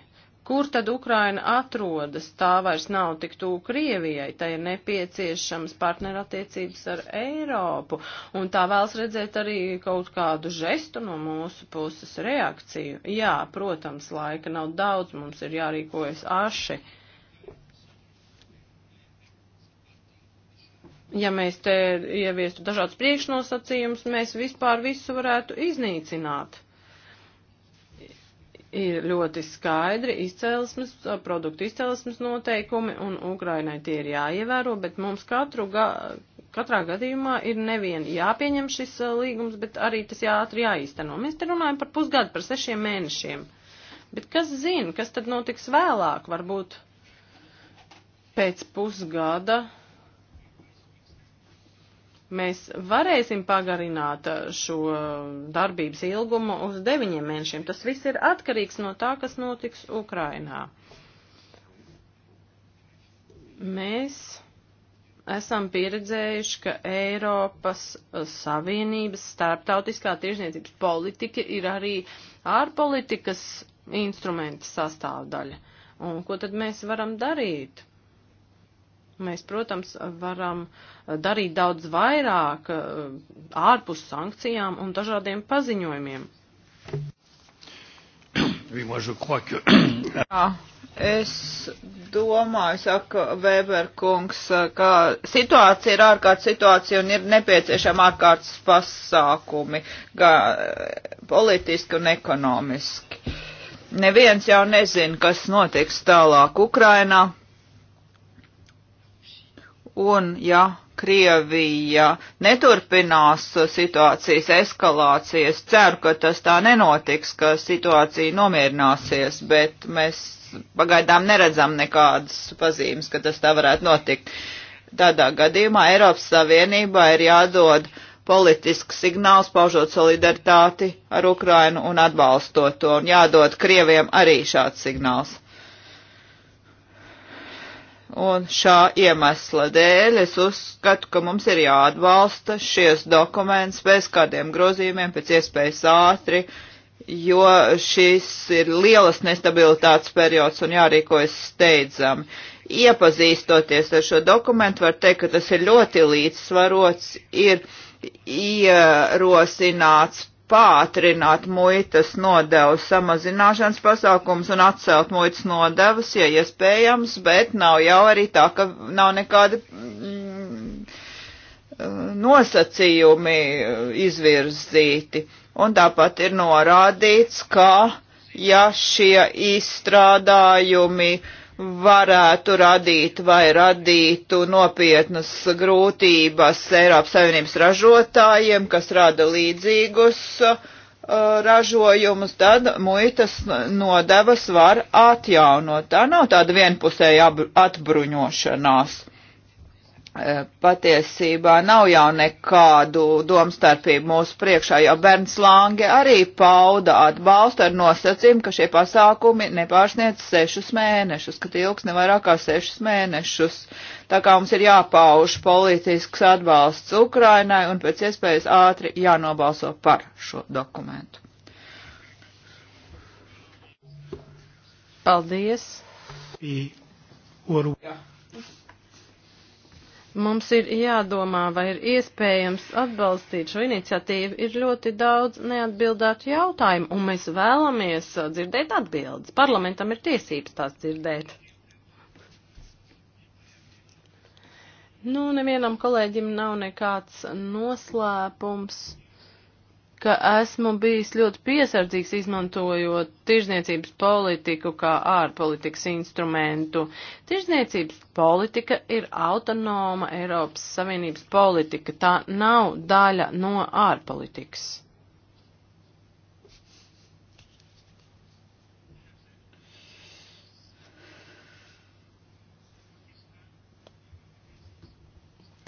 Kur tad Ukraina atrodas? Tā vairs nav tik tū Krievijai, tai ir nepieciešams partnerattiecības ar Eiropu, un tā vēlas redzēt arī kaut kādu žestu no mūsu puses reakciju. Jā, protams, laika nav daudz, mums ir jārīkojas aši. ja mēs te ieviestu dažādus priekšnosacījumus, mēs vispār visu varētu iznīcināt ir ļoti skaidri izcelsmes, produktu izcelsmes noteikumi, un Ukrainai tie ir jāievēro, bet mums katru ga, katrā gadījumā ir nevien jāpieņem šis līgums, bet arī tas jāātri jāīsteno. Mēs te runājam par pusgadu, par sešiem mēnešiem. Bet kas zina, kas tad notiks vēlāk? Varbūt pēc pusgada mēs varēsim pagarināt uh, šo darbības ilgumu uz deviņiem mēnešiem. Tas viss ir atkarīgs no tā, kas notiks Ukrainā. Mēs esam pieredzējuši, ka Eiropas Savienības starptautiskā tirzniecības politika ir arī ārpolitikas instrumenta sastāvdaļa. Un ko tad mēs varam darīt? Mēs, protams, varam darīt daudz vairāk eh, ārpus sankcijām un dažādiem paziņojumiem. Oui, moi je crois que... Jā, es domāju, saka Weberkungs, ka situācija ir ārkārtas situācija un ir nepieciešama ārkārtas pasākumi, gan politiski un ekonomiski. Neviens jau nezina, kas notiks tālāk Ukrainā Un, ja Krievija neturpinās situācijas eskalācijas, ceru, ka tas tā nenotiks, ka situācija nomierināsies, bet mēs pagaidām neredzam nekādas pazīmes, ka tas tā varētu notikt. Tādā gadījumā Eiropas Savienībā ir jādod politisks signāls, paužot solidaritāti ar Ukrainu un atbalstot to, un jādod Krieviem arī šāds signāls. Un šā iemesla dēļ es uzskatu, ka mums ir jāatbalsta šies dokuments bez kādiem grozījumiem pēc iespējas ātri, jo šis ir lielas nestabilitātes periods un jārīkojas steidzami. Iepazīstoties ar šo dokumentu, var teikt, ka tas ir ļoti līdzsvarots, ir ierosināts pātrināt muitas nodevu samazināšanas pasākums un atcelt muitas nodevas, ja iespējams, bet nav jau arī tā, ka nav nekādi mm, nosacījumi izvirzīti. Un tāpat ir norādīts, ka ja šie izstrādājumi uh, varētu radīt vai radītu nopietnas grūtības Eiropas Savienības ražotājiem, kas rada līdzīgus uh, ražojumus, tad muitas nodevas var atjaunot. Tā nav tāda vienpusēja atbruņošanās. Eh, patiesībā nav jau nekādu domstarpību mūsu priekšā, jo Bernds Lange arī pauda atbalstu ar nosacījumu, ka šie pasākumi nepārsniec sešus mēnešus, ka ilgs nevairāk kā sešus mēnešus. Tā kā mums ir jāpauž politisks atbalsts Ukrainai un pēc iespējas ātri jānobalso par šo dokumentu. Paldies! I, oru. Ja. Mums ir jādomā, vai ir iespējams atbalstīt šo iniciatīvu. Ir ļoti daudz neatbildētu jautājumu, un mēs vēlamies uh, dzirdēt atbildes. Parlamentam ir tiesības tās dzirdēt. Nu, nevienam kolēģim nav nekāds noslēpums ka esmu bijis ļoti piesardzīgs izmantojot tirzniecības politiku kā ārpolitikas instrumentu. Tirzniecības politika ir autonoma Eiropas Savienības politika, tā nav daļa no ārpolitikas.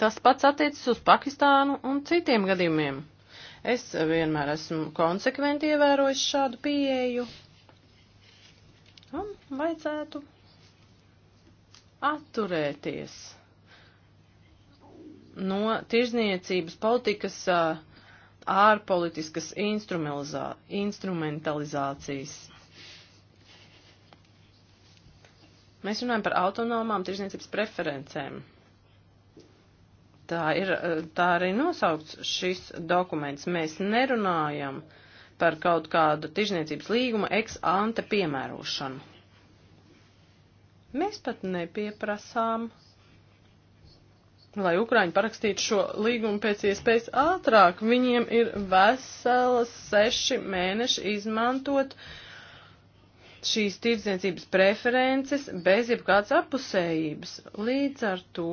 Tas pats attiecas uz Pakistānu un citiem gadījumiem. Es vienmēr esmu konsekventi ievērojis šādu pieeju. Un vajadzētu atturēties no tirzniecības politikas ārpolitiskas instrumentalizācijas. Mēs runājam par autonomām tirzniecības preferencēm. Tā ir, tā arī nosaukts šis dokuments. Mēs nerunājam par kaut kādu tižniecības līguma ex ante piemērošanu. Mēs pat nepieprasām, lai Ukraiņi parakstītu šo līgumu pēc iespējas ātrāk. Viņiem ir veselas seši mēneši izmantot šīs tirdzniecības preferences bez jebkādas appusējības. Līdz ar to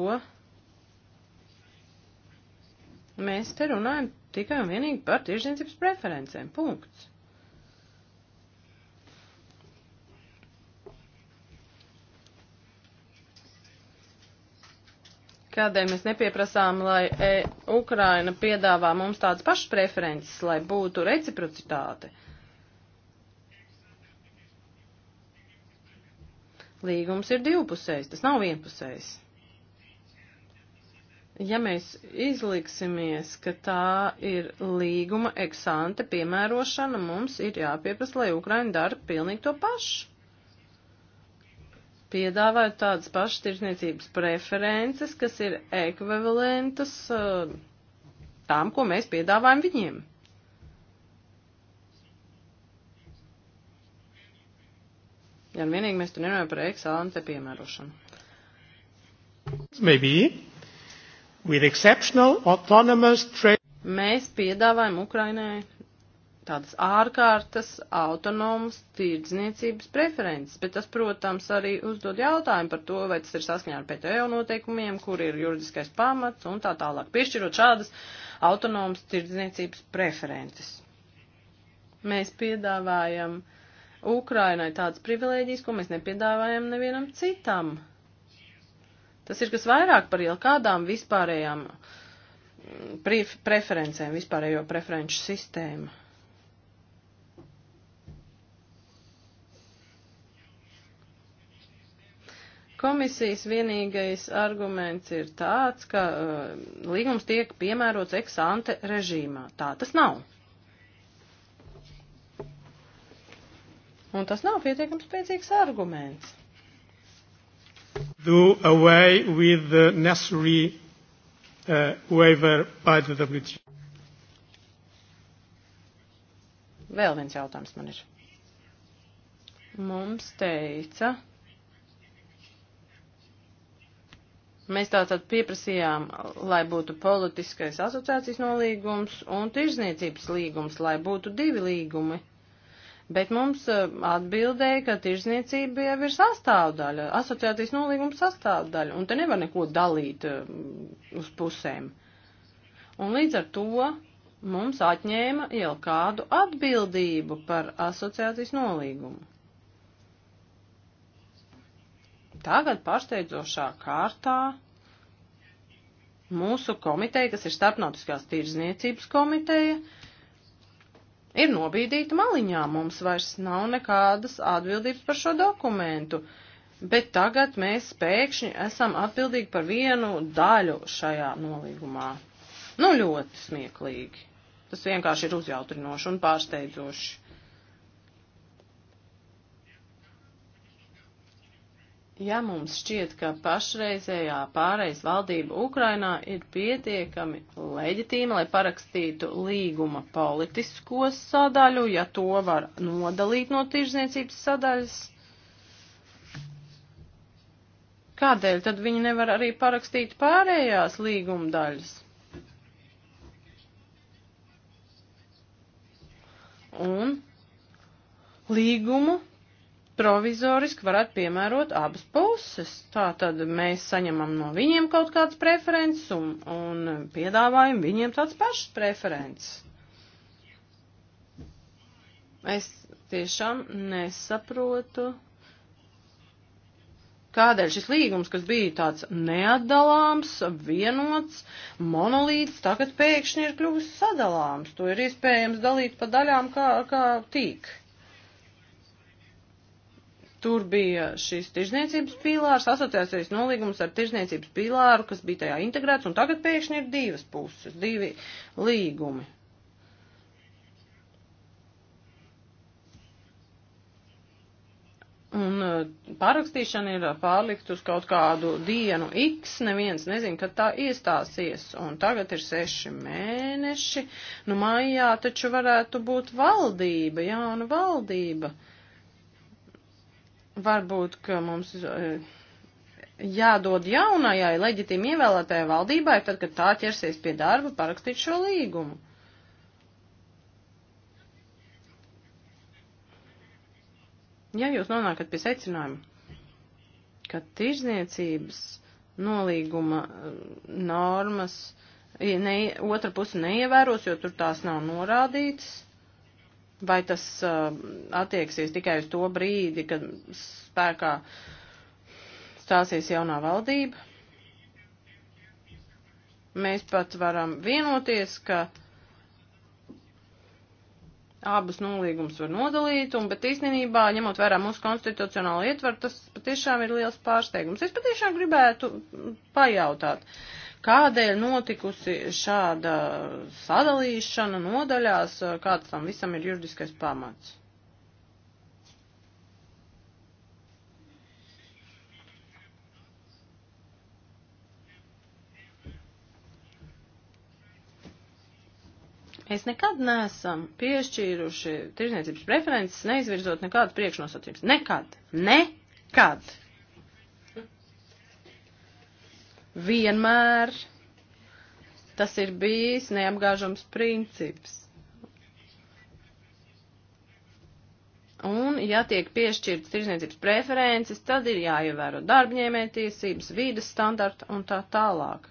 Mēs te runājam tikai un vienīgi par tiešniecības preferencēm. Punkts. Kādēļ mēs nepieprasām, lai e, Ukraina piedāvā mums tādas pašas preferences, lai būtu reciprocitāte? Līgums ir divpusējs, tas nav vienpusējs ja mēs izliksimies, ka tā ir līguma eksante piemērošana, mums ir jāpieprasa, lai Ukraina dara pilnīgi to pašu. Piedāvājot tādas pašas tirsniecības preferences, kas ir ekvivalentas uh, tām, ko mēs piedāvājam viņiem. Ja nu vienīgi mēs tur nerunājam par eksante piemērošanu. Maybe with exceptional autonomous trade. Mēs piedāvājam Ukrainai tādas ārkārtas autonomas tirdzniecības preferences, bet tas, protams, arī uzdod jautājumu par to, vai tas ir saskaņā ar PTO noteikumiem, kur ir juridiskais pamats un tā tālāk, piešķirot šādas autonomas tirdzniecības preferences. Mēs piedāvājam Ukrainai tādas privilēģijas, ko mēs nepiedāvājam nevienam citam. Tas ir kas vairāk par jau kādām vispārējām mm, preferencēm, vispārējo preferenču sistēmu. Komisijas vienīgais arguments ir tāds, ka uh, līgums tiek piemērots eksante režīmā. Tā tas nav. Un tas nav pietiekams spēcīgs arguments. Do away with the necessary uh, waiver by the WTO. Vēl viens jautājums man ir. Mums teica, Mēs tātad pieprasījām, lai būtu politiskais asociācijas nolīgums un tirzniecības līgums, lai būtu divi līgumi bet mums eh, atbildēja, ka tirzniecība jau ir sastāvdaļa, asociācijas nolīguma sastāvdaļa, un te nevar neko dalīt eh, uz pusēm. Un līdz ar to mums atņēma jau kādu atbildību par asociācijas nolīgumu. Tagad pārsteidzošā kārtā mūsu komiteja, kas ir starpnautiskās tirzniecības komiteja, uh, ir nobīdīta maliņā, mums vairs nav nekādas atbildības par šo dokumentu. Bet tagad mēs pēkšņi esam atbildīgi par vienu daļu šajā nolīgumā. Nu, ļoti smieklīgi. Tas vienkārši ir uzjautrinoši un pārsteidzoši. ja mums šķiet, ka pašreizējā pārejas valdība Ukrainā ir pietiekami leģitīma, lai parakstītu līguma politisko sadaļu, ja to var nodalīt no tirzniecības sadaļas, kādēļ tad viņi nevar arī parakstīt pārējās līguma daļas? Un līgumu provizoriski varētu piemērot abas puses. Tā tad mēs saņemam no viņiem kaut kādas preferences un, un piedāvājam viņiem tāds pašas preferences. Es tiešām nesaprotu, kādēļ šis līgums, kas bija tāds neatdalāms, vienots, monolīts, tagad pēkšņi ir kļuvis sadalāms. To ir iespējams dalīt pa daļām kā, kā tīk. Tur bija šis tirzniecības pīlārs, asociācijas nolīgums ar tirzniecības pīlāru, kas bija tajā integrēts, un tagad pēkšņi ir divas puses, divi līgumi. Un eh, pārakstīšana ir pārlikt uz kaut kādu dienu X, neviens nezin, kad tā iestāsies. Un tagad ir seši mēneši, nu mājā taču varētu būt valdība, jauna valdība. Uh, varbūt, ka mums eh, jādod jaunajai leģitīmi ievēlētajai valdībai, tad, kad tā ķersies pie darba, parakstīt šo līgumu. Ja jūs nonākat pie secinājuma, ka tirzniecības nolīguma eh, normas eh, ne, otra puse neievēros, jo tur tās nav norādītas, Vai tas uh, attieksies tikai uz to brīdi, kad spēkā stāsies jaunā valdība? Mēs pat varam vienoties, ka abus nolīgumus var nodalīt, un, bet īstenībā, ņemot vērā mūsu konstitucionālo ietvaru, tas patiešām ir liels pārsteigums. Es patiešām gribētu pajautāt. Uh, Kādēļ notikusi šāda sadalīšana nodaļās, kāds tam visam ir juridiskais pamats? Mēs nekad neesam piešķīruši tirzniecības preferences, neizvirzot nekādas priekšnosacības. Nekad. Nekad. Vienmēr tas ir bijis neapgāžams princips. Un, ja tiek piešķirtas tirzniecības preferences, tad ir jāievēro darbņēmē tiesības, vīdes standarta un tā tālāk.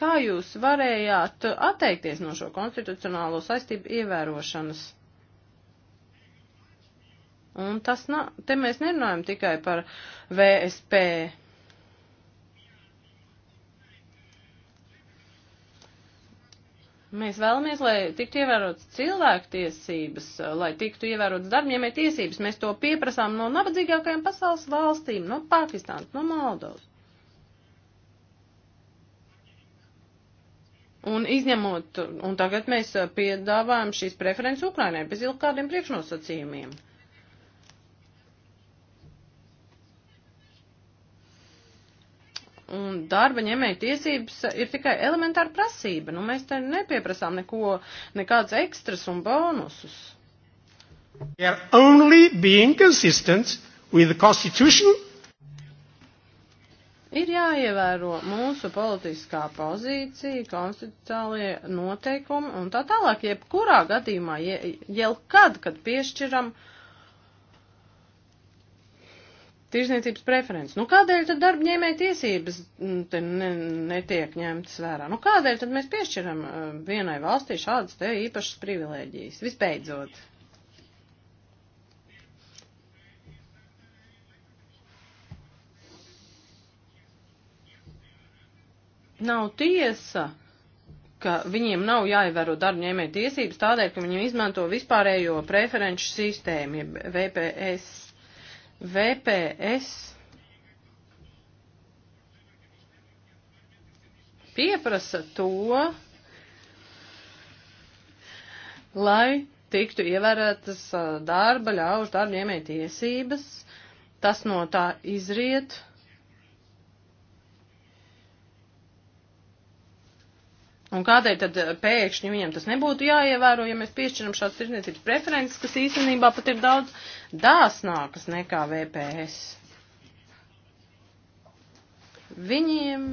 Kā jūs varējāt atteikties no šo konstitucionālo saistību ievērošanas? Un tas, na, te mēs nerunājam tikai par VSP. Mēs vēlamies, lai tiktu ievērotas cilvēktiesības, lai tiktu ievērotas darbņēmē tiesības. Mēs to pieprasām no nabadzīgākajām pasaules valstīm, no Pakistānas, no Moldovas. Un izņemot, un tagad mēs piedāvājam šīs preferences Ukrainai bez ilgkādiem priekšnosacījumiem. Un darba ņēmēja tiesības ir tikai elementāra prasība. Nu, mēs te nepieprasām neko, nekādas ekstras un bonusus. Ir jāievēro mūsu politiskā pozīcija, konstitucionālie noteikumi un tā tālāk, jebkurā gadījumā, jebkad, kad piešķiram uh, tirzniecības preferences. Nu, kādēļ tad darbņēmē tiesības mm, te ne, netiek ņemtas vērā? Nu, kādēļ tad mēs piešķiram eh, vienai valstī šādas te īpašas privilēģijas? Vispēdzot. Nav tiesa, ka viņiem nav jāievēro darbņēmē tiesības tādēļ, ka viņi izmanto vispārējo preferenču sistēmu, VPS VPS pieprasa to, lai tiktu ievērotas darba ļaužu darbņēmēji tiesības. Tas no tā izriet, Un kādēļ tad eh, pēkšņi viņam tas nebūtu jāievēro, ja mēs piešķiram šādas tirdzniecības preferences, kas īstenībā pat ir daudz dāsnākas nekā VPS? Viņiem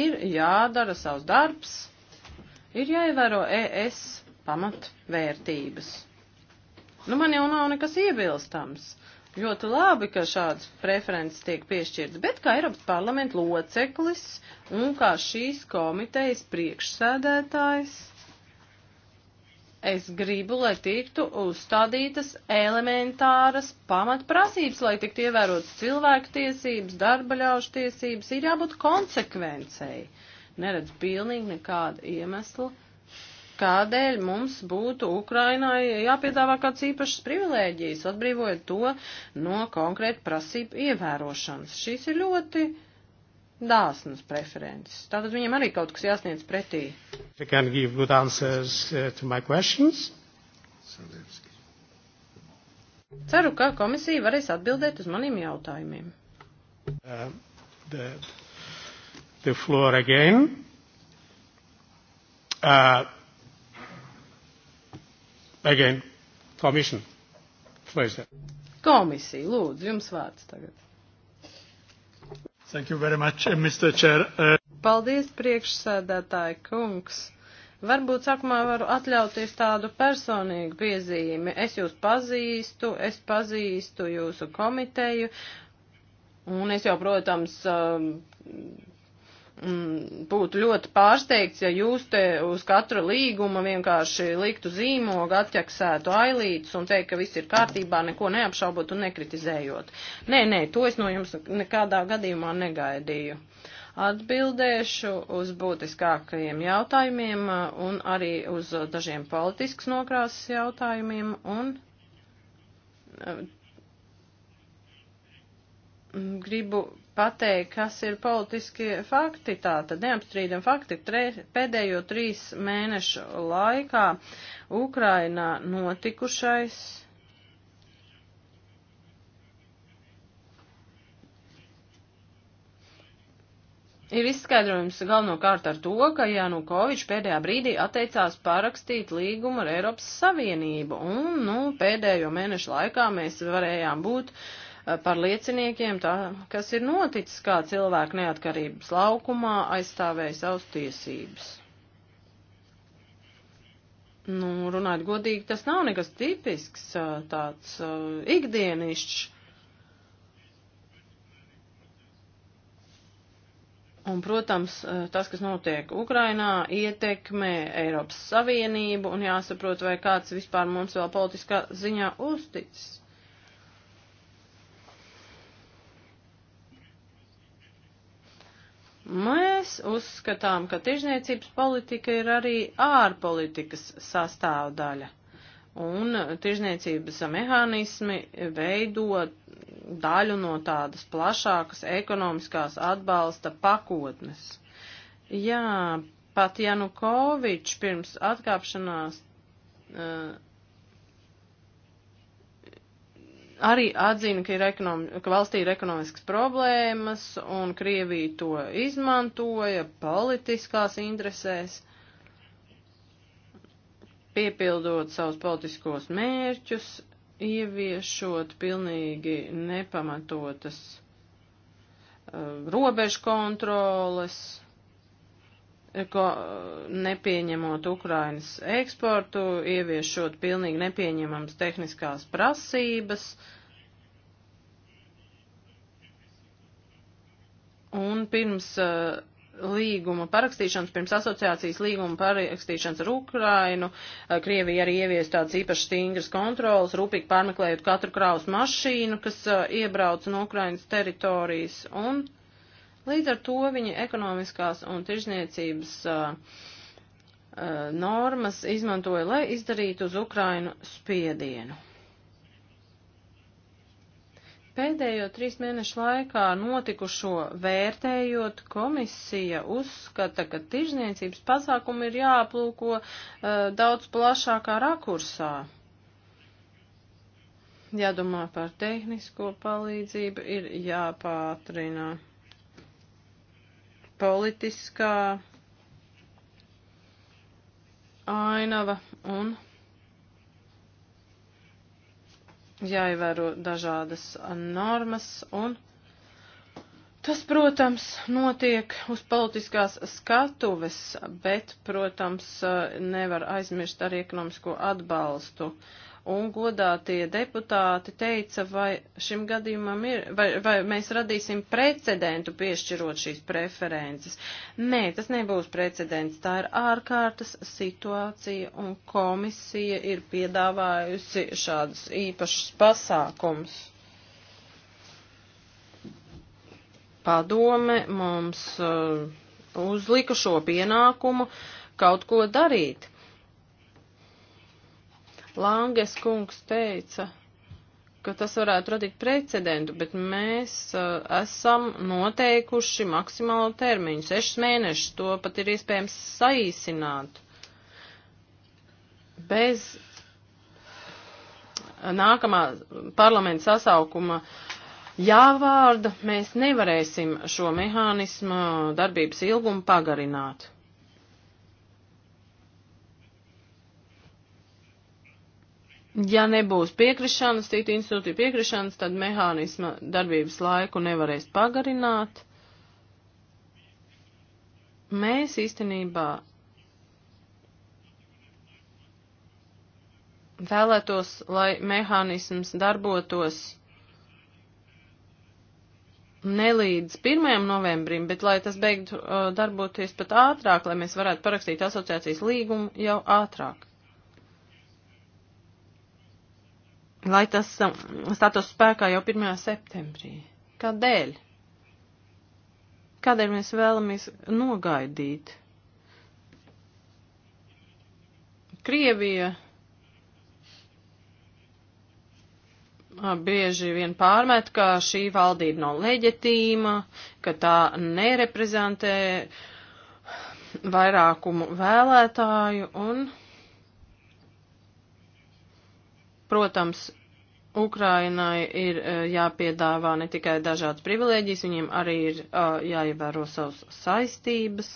ir jādara savs darbs, ir jāievēro ES pamatvērtības. Nu, man jau nav nekas iebilstams. Ļoti labi, ka šādas preferences tiek piešķirtas, bet kā Eiropas parlamenta loceklis un kā šīs komitejas priekšsēdētājs, es gribu, lai tiktu uzstādītas elementāras pamatprasības, lai tiktu ievērotas cilvēktiesības, darba ļaužu tiesības, ir jābūt konsekvencei. Neredz pilnīgi nekāda iemesla kādēļ mums būtu Ukrainai jāpiedāvā kāds īpašs privilēģijas, atbrīvojot to no konkrēta prasību ievērošanas. Šīs ir ļoti dāsnas preferences. Tātad viņam arī kaut kas jāsniedz pretī. Uh, Ceru, ka komisija varēs atbildēt uz maniem jautājumiem. Uh, the, the floor again. Uh, Again, commission. Please. Komisija, lūdzu, jums vārds tagad. Thank you very much, uh, Mr. Chair. Uh... Paldies, priekšsēdētāji kungs. Varbūt sākumā varu atļauties tādu personīgu piezīmi. Es jūs pazīstu, es pazīstu jūsu komiteju, un es jau, protams, um, Mm, būtu ļoti pārsteigts, ja jūs te uz katra līguma vienkārši liktu zīmogu, atķeksētu ailītes un teikt, ka viss ir kārtībā, neko neapšaubot un nekritizējot. Nē, nē, to es no jums nekādā gadījumā negaidīju. Atbildēšu uz būtiskākajiem jautājumiem uh, un arī uz uh, dažiem politisks nokrāsas jautājumiem un uh, mm, gribu pateikt, kas ir politiskie fakti, tātad neapstrīdam fakti. Tre, pēdējo trīs mēnešu laikā Ukrainā notikušais. Ir izskaidrojums galvenokārt ar to, ka Janukovičs pēdējā brīdī atteicās parakstīt līgumu ar Eiropas Savienību, un, nu, pēdējo mēnešu laikā mēs varējām būt uh, Eh, par lieciniekiem tā, kas ir noticis kā cilvēku neatkarības laukumā aizstāvēja savas tiesības. Nu, runājot godīgi, tas nav nekas tipisks, eh, tāds uh, eh, ikdienišķs. Un, protams, tas, kas notiek Ukrainā, ietekmē Eiropas Savienību un jāsaprot, vai kāds vispār mums vēl politiskā ziņā uzticis. Mēs uzskatām, ka tirzniecības politika ir arī ārpolitikas sastāvdaļa. Un tirzniecības mehānismi veido daļu no tādas plašākas ekonomiskās atbalsta pakotnes. Jā, pat Janukovičs pirms atkāpšanās uh, arī atzina, ka, ir ekonomi, ka valstī ir ekonomiskas problēmas un Krievija to izmantoja politiskās interesēs, piepildot savus politiskos mērķus, ieviešot pilnīgi nepamatotas uh, robežu kontroles ko eh, nepieņemot Ukrainas eksportu, ieviešot pilnīgi nepieņemams tehniskās prasības. Un pirms uh, līguma parakstīšanas, pirms asociācijas līguma parakstīšanas ar Ukrainu, eh, Krievija arī ievies tādas īpaši stingras kontrolas, rūpīgi pārmeklējot katru kraus mašīnu, kas iebrauc no Ukrainas teritorijas, un Līdz ar to viņi ekonomiskās un tirzniecības uh, normas izmantoja, lai izdarītu uz Ukrainu spiedienu. Pēdējo trīs mēnešu laikā notikušo vērtējot, komisija uzskata, ka tirzniecības pasākumi ir jāaplūko uh, daudz plašākā rakursā. Jādomā par tehnisko palīdzību, ir jāpātrina politiskā ainava un jāievēro dažādas normas un tas, protams, notiek uz politiskās skatuves, bet, protams, nevar aizmirst arī ekonomisko atbalstu. Uh, un godātie deputāti teica, vai šim gadījumam ir, vai, vai mēs radīsim precedentu piešķirot šīs preferences. Nē, tas nebūs precedents, tā ir ārkārtas situācija, un komisija ir piedāvājusi šādus īpašus pasākums. Padome mums uh, uzlika šo pienākumu kaut ko darīt. Langes kungs teica, ka tas varētu radīt precedentu, bet mēs uh, esam noteikuši maksimālo termiņu, sešas mēnešus, to pat ir iespējams saīsināt. Bez nākamā parlamenta sasaukuma jāvārda mēs nevarēsim šo mehānismu darbības ilgumu pagarināt. Ja nebūs piekrišanas, citu institūciju piekrišanas, tad mehānisma darbības laiku nevarēs pagarināt. Mēs īstenībā vēlētos, lai mehānisms darbotos ne līdz 1. novembrim, bet lai tas beigtu uh, darboties pat ātrāk, lai mēs varētu parakstīt asociācijas līgumu jau ātrāk. lai tas um, status spēkā jau 1. septembrī. Kādēļ? Kādēļ mēs vēlamies nogaidīt? Krievija bieži vien pārmet, ka šī valdība nav leģitīma, ka tā nereprezentē vairākumu vēlētāju un Protams, Ukrainai ir e, jāpiedāvā ne tikai dažādas privilēģijas, viņiem arī ir e, jāievēro savas saistības.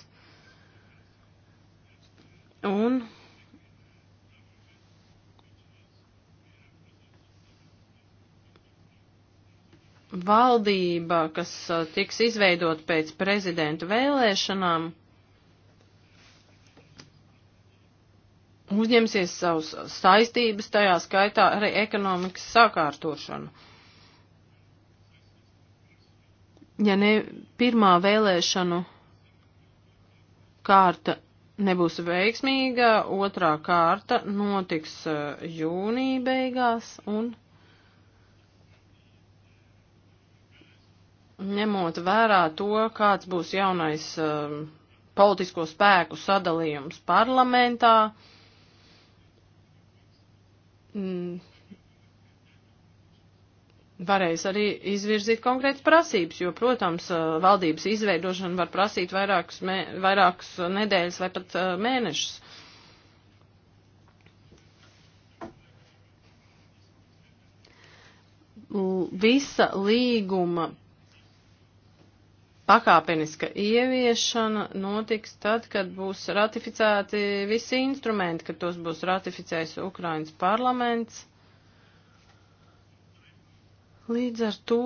Un valdība, kas e, tiks izveidot pēc prezidenta vēlēšanām, uzņemsies savus saistības, tajā skaitā arī ekonomikas sakārtošanu. Ja ne pirmā vēlēšanu kārta nebūs veiksmīga, otrā kārta notiks e, jūnija beigās un ņemot vērā to, kāds būs jaunais e, politisko spēku sadalījums parlamentā, uh, m, mm. varēs arī izvirzīt konkrētas prasības, jo, protams, uh, valdības izveidošana var prasīt vairākus, mē, vairākus uh, nedēļas vai pat uh, mēnešus. Visa līguma pakāpeniska ieviešana notiks tad, kad būs ratificēti visi instrumenti, kad tos būs ratificējis Ukrainas parlaments. Līdz ar to,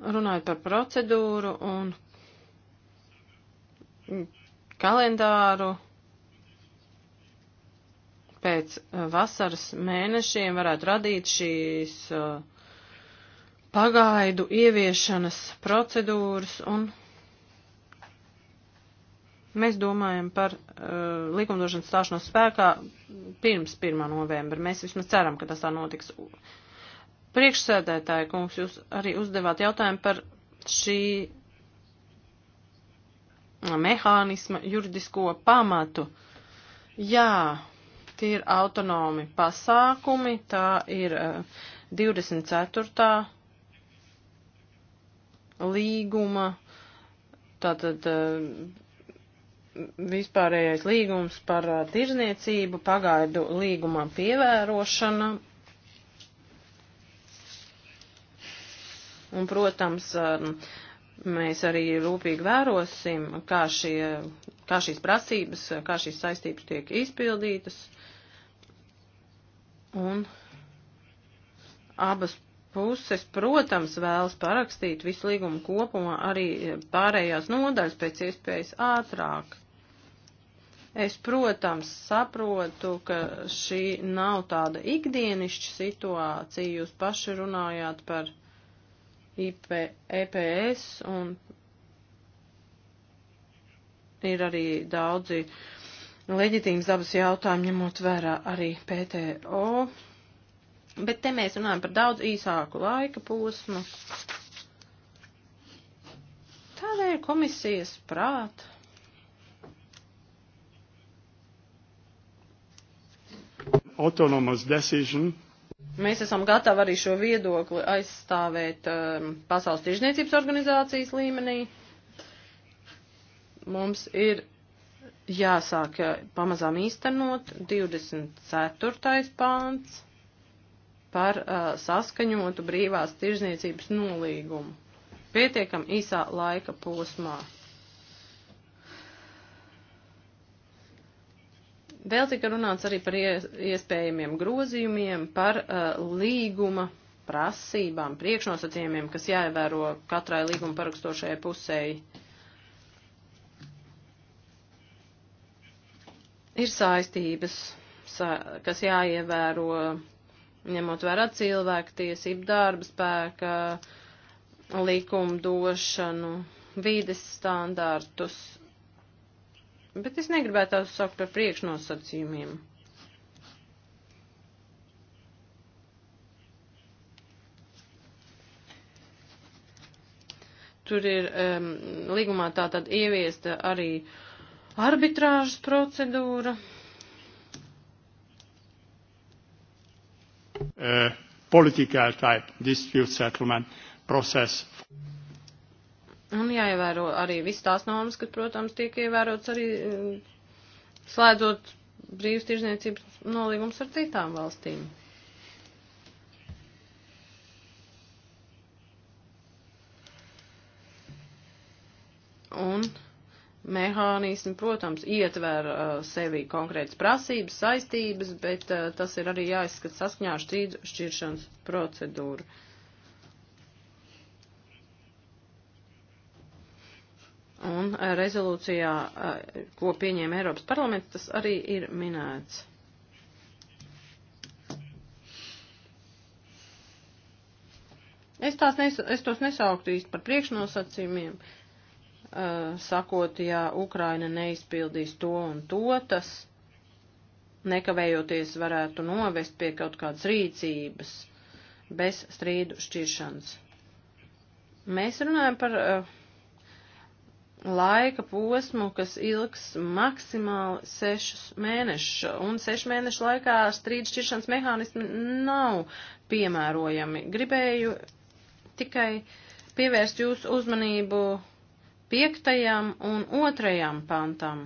runājot par procedūru un kalendāru, pēc vasaras mēnešiem varētu radīt šīs uh, pagaidu ieviešanas procedūras un Mēs domājam par uh, likumdošanas stāšanos spēkā pirms 1. novembra. Mēs vismaz ceram, ka tas tā notiks. Priekšsēdētāja kungs, jūs arī uzdevāt jautājumu par šī mehānisma juridisko pamatu. Jā, tie ir autonomi pasākumi, tā ir uh, eh, 24. līguma, tātad. Uh, vispārējais līgums par tirzniecību, pagaidu līgumā pievērošana. Un, protams, mēs arī rūpīgi vērosim, kā, šie, kā šīs prasības, kā šīs saistības tiek izpildītas. Un abas puses, protams, vēlas parakstīt visu līgumu kopumā arī pārējās nodaļas pēc iespējas ātrāk. Es, protams, saprotu, ka šī nav tāda ikdienišķa situācija. Jūs paši runājāt par IP, EPS un ir arī daudzi leģitīmas dabas jautājumi, ņemot vērā arī PTO. Bet te mēs runājam par daudz īsāku laika posmu. Tādēļ komisijas prāta autonomous decision. Mēs esam gatavi arī šo viedokli aizstāvēt um, Pasaules tirzniecības organizācijas līmenī. Mums ir jāsāk uh, pamazām īstenot 24. pāns par uh, saskaņotu brīvās tirzniecības nolīgumu. Pietiekam īsā laika posmā. Vēl tika runāts arī par iespējamiem grozījumiem, par uh, līguma prasībām, priekšnosacījumiem, kas jāievēro katrai līguma parakstošajai pusēji. Ir saistības, kas jāievēro, ņemot vērā cilvēktiesību, darba spēka, likumdošanu, vīdes standārtus, Bet es negribētu tās saukt par priekšnosacījumiem. Tur ir um, līgumā tā tad ieviesta arī arbitrāžas procedūra. Uh, political type dispute settlement process. Un jāievēro arī viss tās normas, kad, protams, tiek ievērots arī mm, slēdzot brīvas tirzniecības nolīgums ar citām valstīm. Un mehānismi, protams, ietver uh, sevi konkrētas prasības, saistības, bet uh, tas ir arī jāizskata saskņā ar strīdu šķiršanas procedūru. Uh, Un e, rezolūcijā, e, ko pieņēma Eiropas parlaments, tas arī ir minēts. Es, tās nes, es tos nesauktu īsti par priekšnosacījumiem, e, sakot, ja Ukraina neizpildīs to un to, tas nekavējoties varētu novest pie kaut kādas rīcības bez strīdu šķiršanas. Mēs runājam par uh, laika posmu, kas ilgs maksimāli sešus mēnešus, un sešu mēnešu laikā strīdu šķiršanas mehānismi nav piemērojami. Gribēju tikai pievērst jūsu uzmanību piektajam un otrajam pantam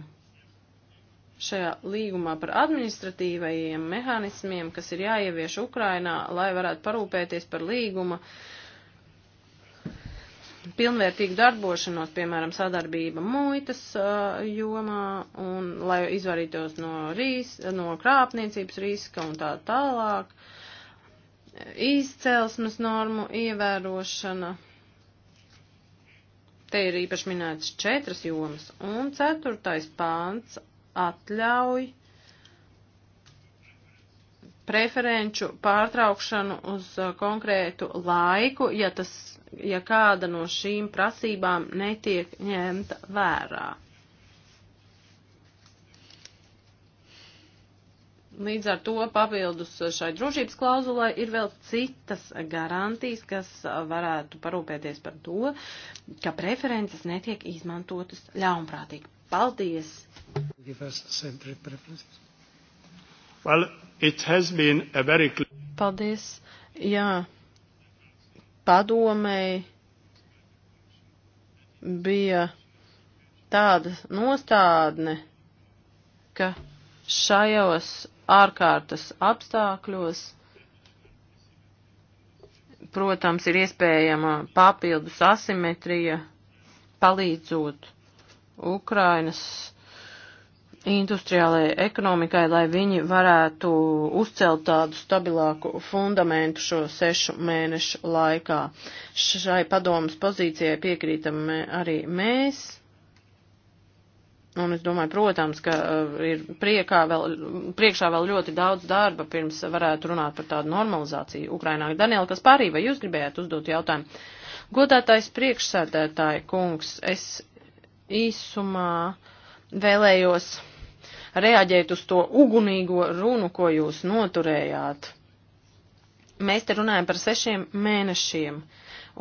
šajā līgumā par administratīvajiem mehānismiem, kas ir jāievieš Ukrainā, lai varētu parūpēties par līguma uh, pilnvērtīgu darbošanos, piemēram, sadarbība muitas uh, jomā, un lai izvarītos no, rīs, no krāpniecības riska un tā tālāk, izcelsmes normu ievērošana. Te ir īpaši minētas četras jomas, un ceturtais pāns atļauj preferenču pārtraukšanu uz uh, konkrētu laiku, ja, tas, ja kāda no šīm prasībām netiek ņemta vērā. Līdz ar to papildus šai drošības klauzulai ir vēl citas garantijas, kas uh, varētu parūpēties par to, ka preferences netiek izmantotas ļaunprātīgi. Paldies! Well, It has been a very clear. Paldies. Jā. Padomēji bija tāda nostādne, ka šajos ārkārtas apstākļos, protams, ir iespējama papildus asimetrija, palīdzot Ukrainas industriālajai ekonomikai, lai viņi varētu uzcelt tādu stabilāku fundamentu šo sešu mēnešu laikā. Šai padomas pozīcijai piekrītam arī mēs. Un es domāju, protams, ka uh, ir priekā vēl, priekšā vēl ļoti daudz darba, pirms varētu runāt par tādu normalizāciju Ukrainā. Daniela Kaspārī, vai jūs gribējāt uzdot jautājumu? Godātais priekšsēdētāji kungs, es īsumā vēlējos reaģēt uz to ugunīgo runu, ko jūs noturējāt. Mēs te runājam par sešiem mēnešiem,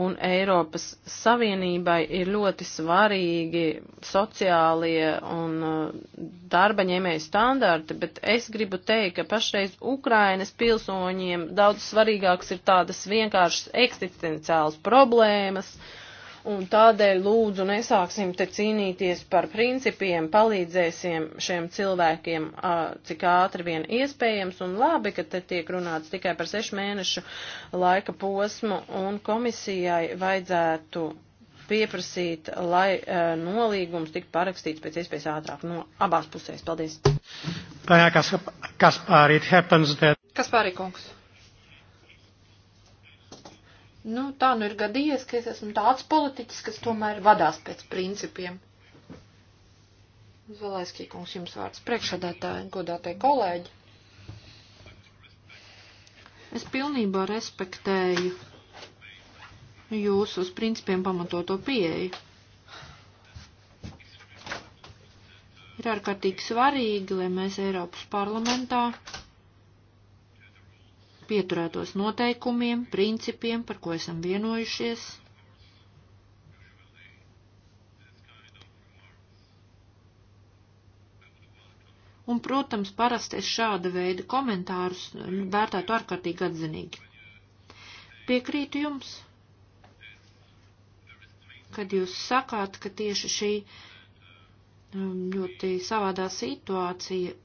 un Eiropas Savienībai ir ļoti svarīgi sociālie un uh, darba ņēmēju standarti, bet es gribu teikt, ka pašreiz Ukrainas pilsoņiem daudz svarīgāks ir tādas vienkāršas eksistenciālas problēmas, uh, un tādēļ lūdzu nesāksim te cīnīties par principiem, palīdzēsim šiem cilvēkiem, cik ātri vien iespējams, un labi, ka te tiek runāts tikai par sešu mēnešu laika posmu, un komisijai vajadzētu pieprasīt, lai nolīgums tik parakstīts pēc iespējas ātrāk no abās pusēs. Paldies! Kaspārī, that... kungs. Nu, tā nu ir gadījies, ka es esmu tāds politiķis, kas tomēr vadās pēc principiem. Zalaiskī kungs jums vārds priekšsēdētāji, godātie kolēģi. Es pilnībā respektēju jūsu uz principiem pamatoto pieeju. Ir ārkārtīgi svarīgi, lai mēs Eiropas parlamentā pieturētos noteikumiem, principiem, par ko esam vienojušies. Un, protams, parasti es šāda veida komentārus vērtētu ārkārtīgi atzinīgi. Piekrītu jums, kad jūs sakāt, ka tieši šī um, ļoti savādā situācija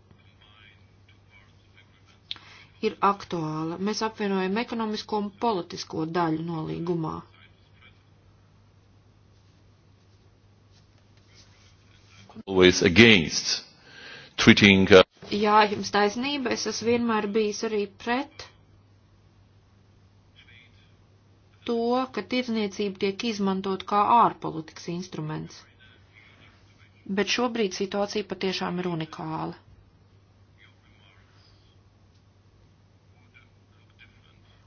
ir aktuāla. Mēs apvienojam ekonomisko un politisko daļu nolīgumā. Treating, uh... Jā, jums taisnība, es esmu vienmēr bijis arī pret to, ka tirdzniecība tiek izmantot kā ārpolitikas instruments. Bet šobrīd situācija patiešām ir unikāla.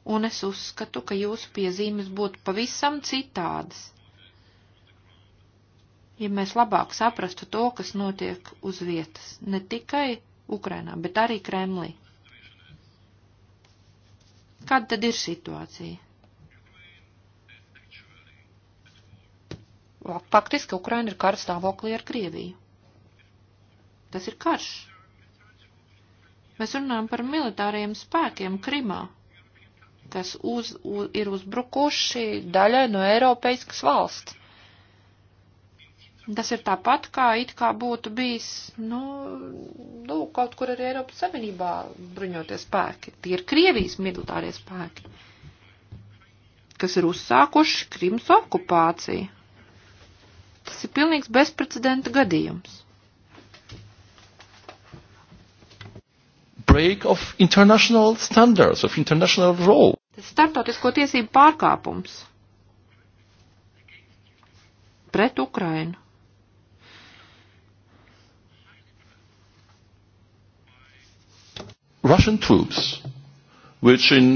un es uzskatu, ka jūsu piezīmes būtu pavisam citādas. Ja mēs labāk saprastu to, kas notiek uz vietas, ne tikai Ukrainā, bet arī Kremlī. Kāda tad ir situācija? Faktiski Ukraina ir kara stāvoklī ar Krieviju. Tas ir karš. Mēs runājam par militāriem spēkiem Krimā, kas uz, uz, ir uzbrukuši daļai no Eiropeiskas valsts. Tas ir tāpat, kā it kā būtu bijis, nu, nu kaut kur arī Eiropas Savienībā bruņotie spēki. Tie ir Krievijas militārie spēki, kas ir uzsākuši Krimas okupāciju. Tas ir pilnīgs bezprecedenta gadījums. break of international standards, of international role. Tas startautisko tiesību pārkāpums pret Ukrainu. Russian troops, which in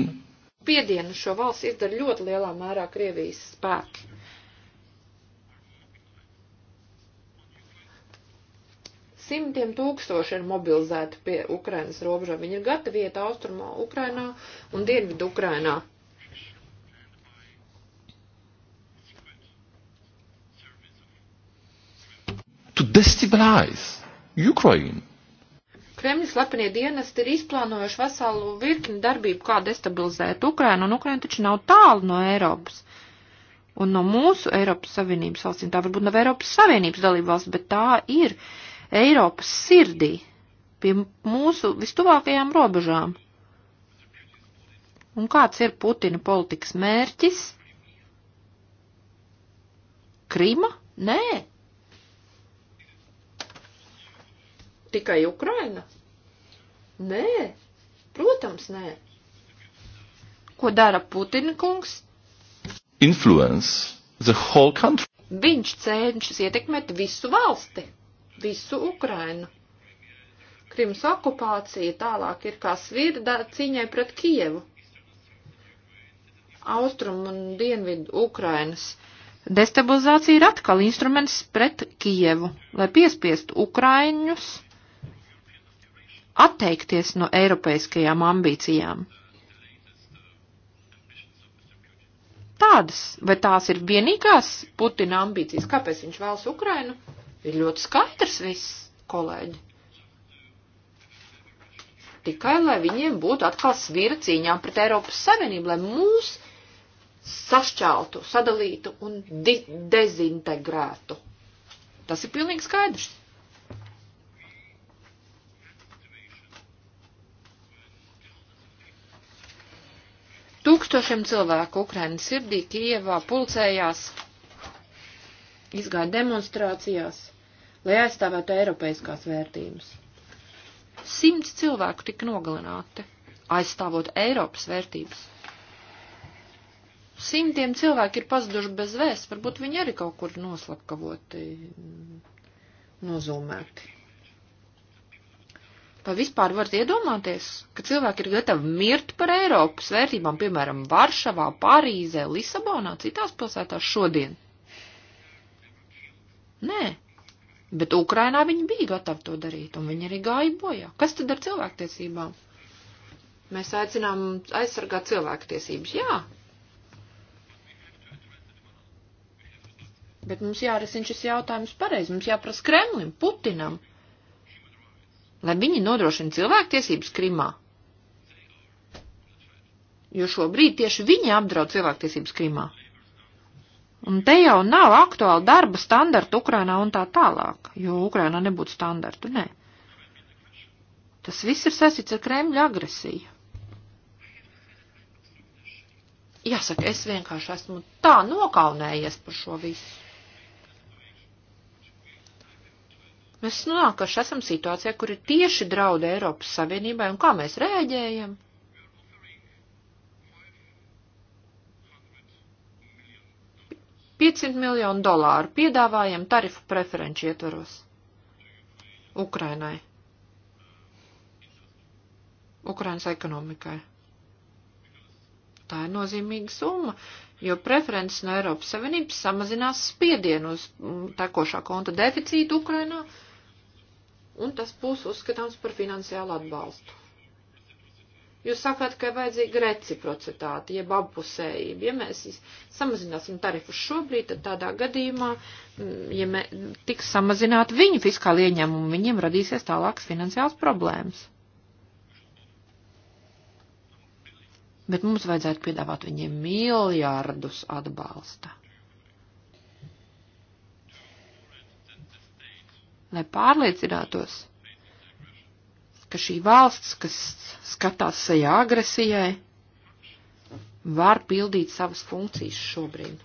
Piedienu šo valsts izdara ļoti lielā mērā Krievijas spēki. Simtiem tūkstoši ir mobilizēti pie Ukrainas robežām. Viņi ir gatavi iet austrumā Ukrainā un dienvidu Ukrainā. To destabilize Ukraine. Kremļa slepenie dienesti ir izplānojuši veselu virkni darbību, kā destabilizēt Ukrainu, un Ukraina taču nav tālu no Eiropas. Un no mūsu Eiropas Savienības valstīm tā varbūt nav Eiropas Savienības dalība valsts, bet tā ir. Uh, Eiropas sirdī, pie mūsu vistuvākajām robežām. Un kāds ir Putina politikas mērķis? Krima? Nē. Tikai Ukraina? Nē. Protams, nē. Ko dara Putina kungs? Influence the whole country. Viņš cenšas ietekmēt visu valsti visu Ukrainu. Krimas okupācija tālāk ir kā svirda cīņai pret Kievu. Austrum un dienvidu Ukrainas destabilizācija ir atkal instruments pret Kievu, lai piespiestu Ukraiņus atteikties no eiropeiskajām ambīcijām. Tādas, vai tās ir vienīgās Putina ambīcijas, kāpēc viņš vēlas Ukrainu? Ir ļoti skaidrs viss, kolēģi. Tikai, lai viņiem būtu atkal svira cīņām pret Eiropas Savienību, lai mūs sašķeltu, sadalītu un dezintegrētu. Tas ir pilnīgi skaidrs. Tūkstošiem cilvēku Ukrainas sirdī Kievā pulcējās, izgāja demonstrācijās lai aizstāvētu eiropeiskās vērtības. Simts cilvēku tika nogalināti, aizstāvot Eiropas vērtības. Simtiem cilvēki ir pazuduši bez vēsts, varbūt viņi arī kaut kur noslapkavoti, nozūmēti. Vai vispār varat iedomāties, ka cilvēki ir gatavi mirt par Eiropas vērtībām, piemēram, Varšavā, Parīzē, Lisabonā, citās pilsētās šodien? Nē, Bet Ukrainā viņi bija gatavi to darīt, un viņi arī gāja bojā. Kas tad ar cilvēktiesībām? Mēs aicinām aizsargāt cilvēktiesības, jā. Bet mums jārisina šis jautājums pareizi, mums jāprasa Kremlim, Putinam, lai viņi nodrošina cilvēktiesības Krimā. Jo šobrīd tieši viņi apdraud cilvēktiesības Krimā. Un te jau nav aktuāli darba standarta Ukrainā un tā tālāk, jo Ukrainā nebūtu standartu, nē. Tas viss ir sasits ar Kremļa agresiju. Jāsaka, es vienkārši esmu tā nokaunējies par šo visu. Mēs nonākuši esam situācijā, kur ir tieši draudi Eiropas Savienībai un kā mēs rēģējam. 500 miljonu dolāru piedāvājam tarifu preferenču ietvaros Ukrainai, Ukrainas ekonomikai. Tā ir nozīmīga summa, jo preferences no Eiropas Savienības samazinās spiedienu uz mm, tekošā konta deficītu Ukrainā, un tas būs uzskatāms par finansiālu atbalstu. Jūs sakāt, ka ir vajadzīga reciprocitāte, jeb abpusējība. Ja mēs samazināsim tarifus šobrīd, tad tādā gadījumā, mm, ja mē, tiks samazināt viņu fiskāli ieņēmumu, viņiem radīsies tālākas finansiāls problēmas. Bet mums vajadzētu piedāvāt viņiem miljārdus atbalsta. Lai pārliecinātos ka šī valsts, kas skatās sejā agresijai, var pildīt savas funkcijas šobrīd.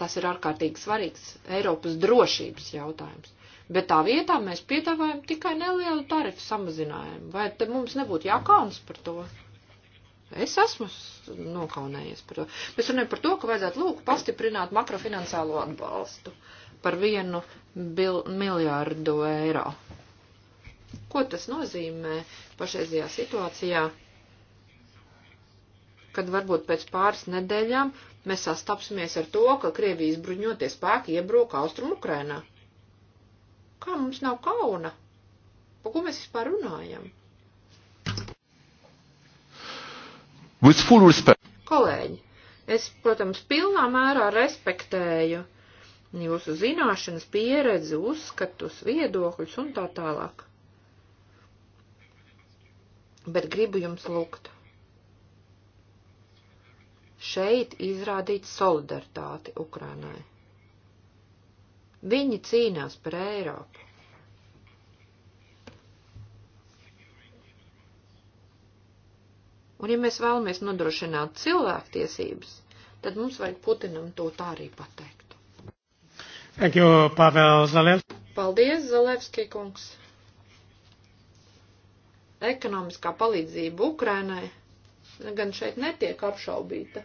Tas ir ārkārtīgi svarīgs Eiropas drošības jautājums. Bet tā vietā mēs piedāvājam tikai nelielu tarifu samazinājumu. Vai te mums nebūtu jākaunas par to? Es esmu nokaunējies par to. Mēs runājam par to, ka vajadzētu lūk pastiprināt makrofinansālo atbalstu par vienu bil, miljārdu eiro. Ko tas nozīmē pašreizajā situācijā, kad varbūt pēc pāris nedēļām mēs sastapsimies ar to, ka Krievijas bruņotie spēki iebruka Austrum Ukrainā? Kā mums nav kauna? Par ko mēs vispār runājam? With full respect. Kolēģi, es, protams, pilnā mērā respektēju jūsu zināšanas, pieredzi, uzskatus, viedokļus un tā tālāk bet gribu jums lūgt. Šeit izrādīt solidaritāti Ukrainai. Viņi cīnās par Eiropu. Un ja mēs vēlamies nodrošināt cilvēktiesības, tad mums vajag Putinam to tā arī pateikt. Thank you, Pavel Zalevski. Paldies, Zalevski kungs ekonomiskā palīdzība Ukrainai gan šeit netiek apšaubīta.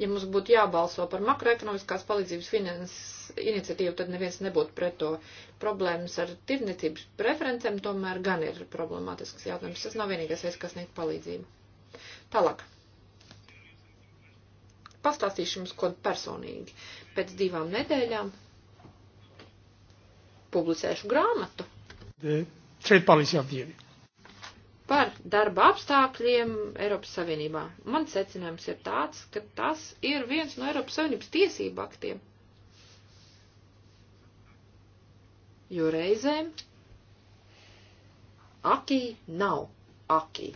Ja mums būtu jābalso par makroekonomiskās palīdzības finanses iniciatīvu, tad neviens nebūtu pret to. Problēmas ar tirniecības preferencēm tomēr gan ir problemātisks jautājums. Tas nav vienīgais veids, kas sniegt palīdzību. Tālāk. Pastāstīšu jums ko personīgi. Pēc divām nedēļām publicēšu grāmatu. Šeit palīdzēja divi. Par darba apstākļiem Eiropas Savienībā. Mans secinājums ir tāds, ka tas ir viens no Eiropas Savienības tiesību aktiem. Jo reizēm akī nav akī.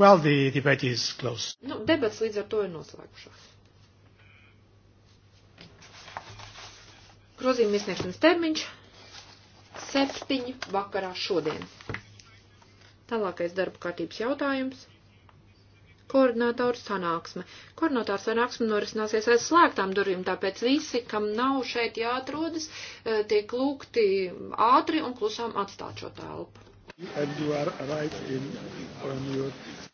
Well, the debate is closed. Nu, debats līdz ar to ir noslēgušās. Grozījuma iesniegšanas termiņš - septiņi vakarā šodien. Tālākais darba kārtības jautājums - koordinātoru sanāksme. Koordinātoru sanāksme norisināsies aiz slēgtām durvīm, tāpēc visi, kam nav šeit jāatrodas, eh, tiek lūgti ātri un klusām atstāt šo telpu. And you are right in on your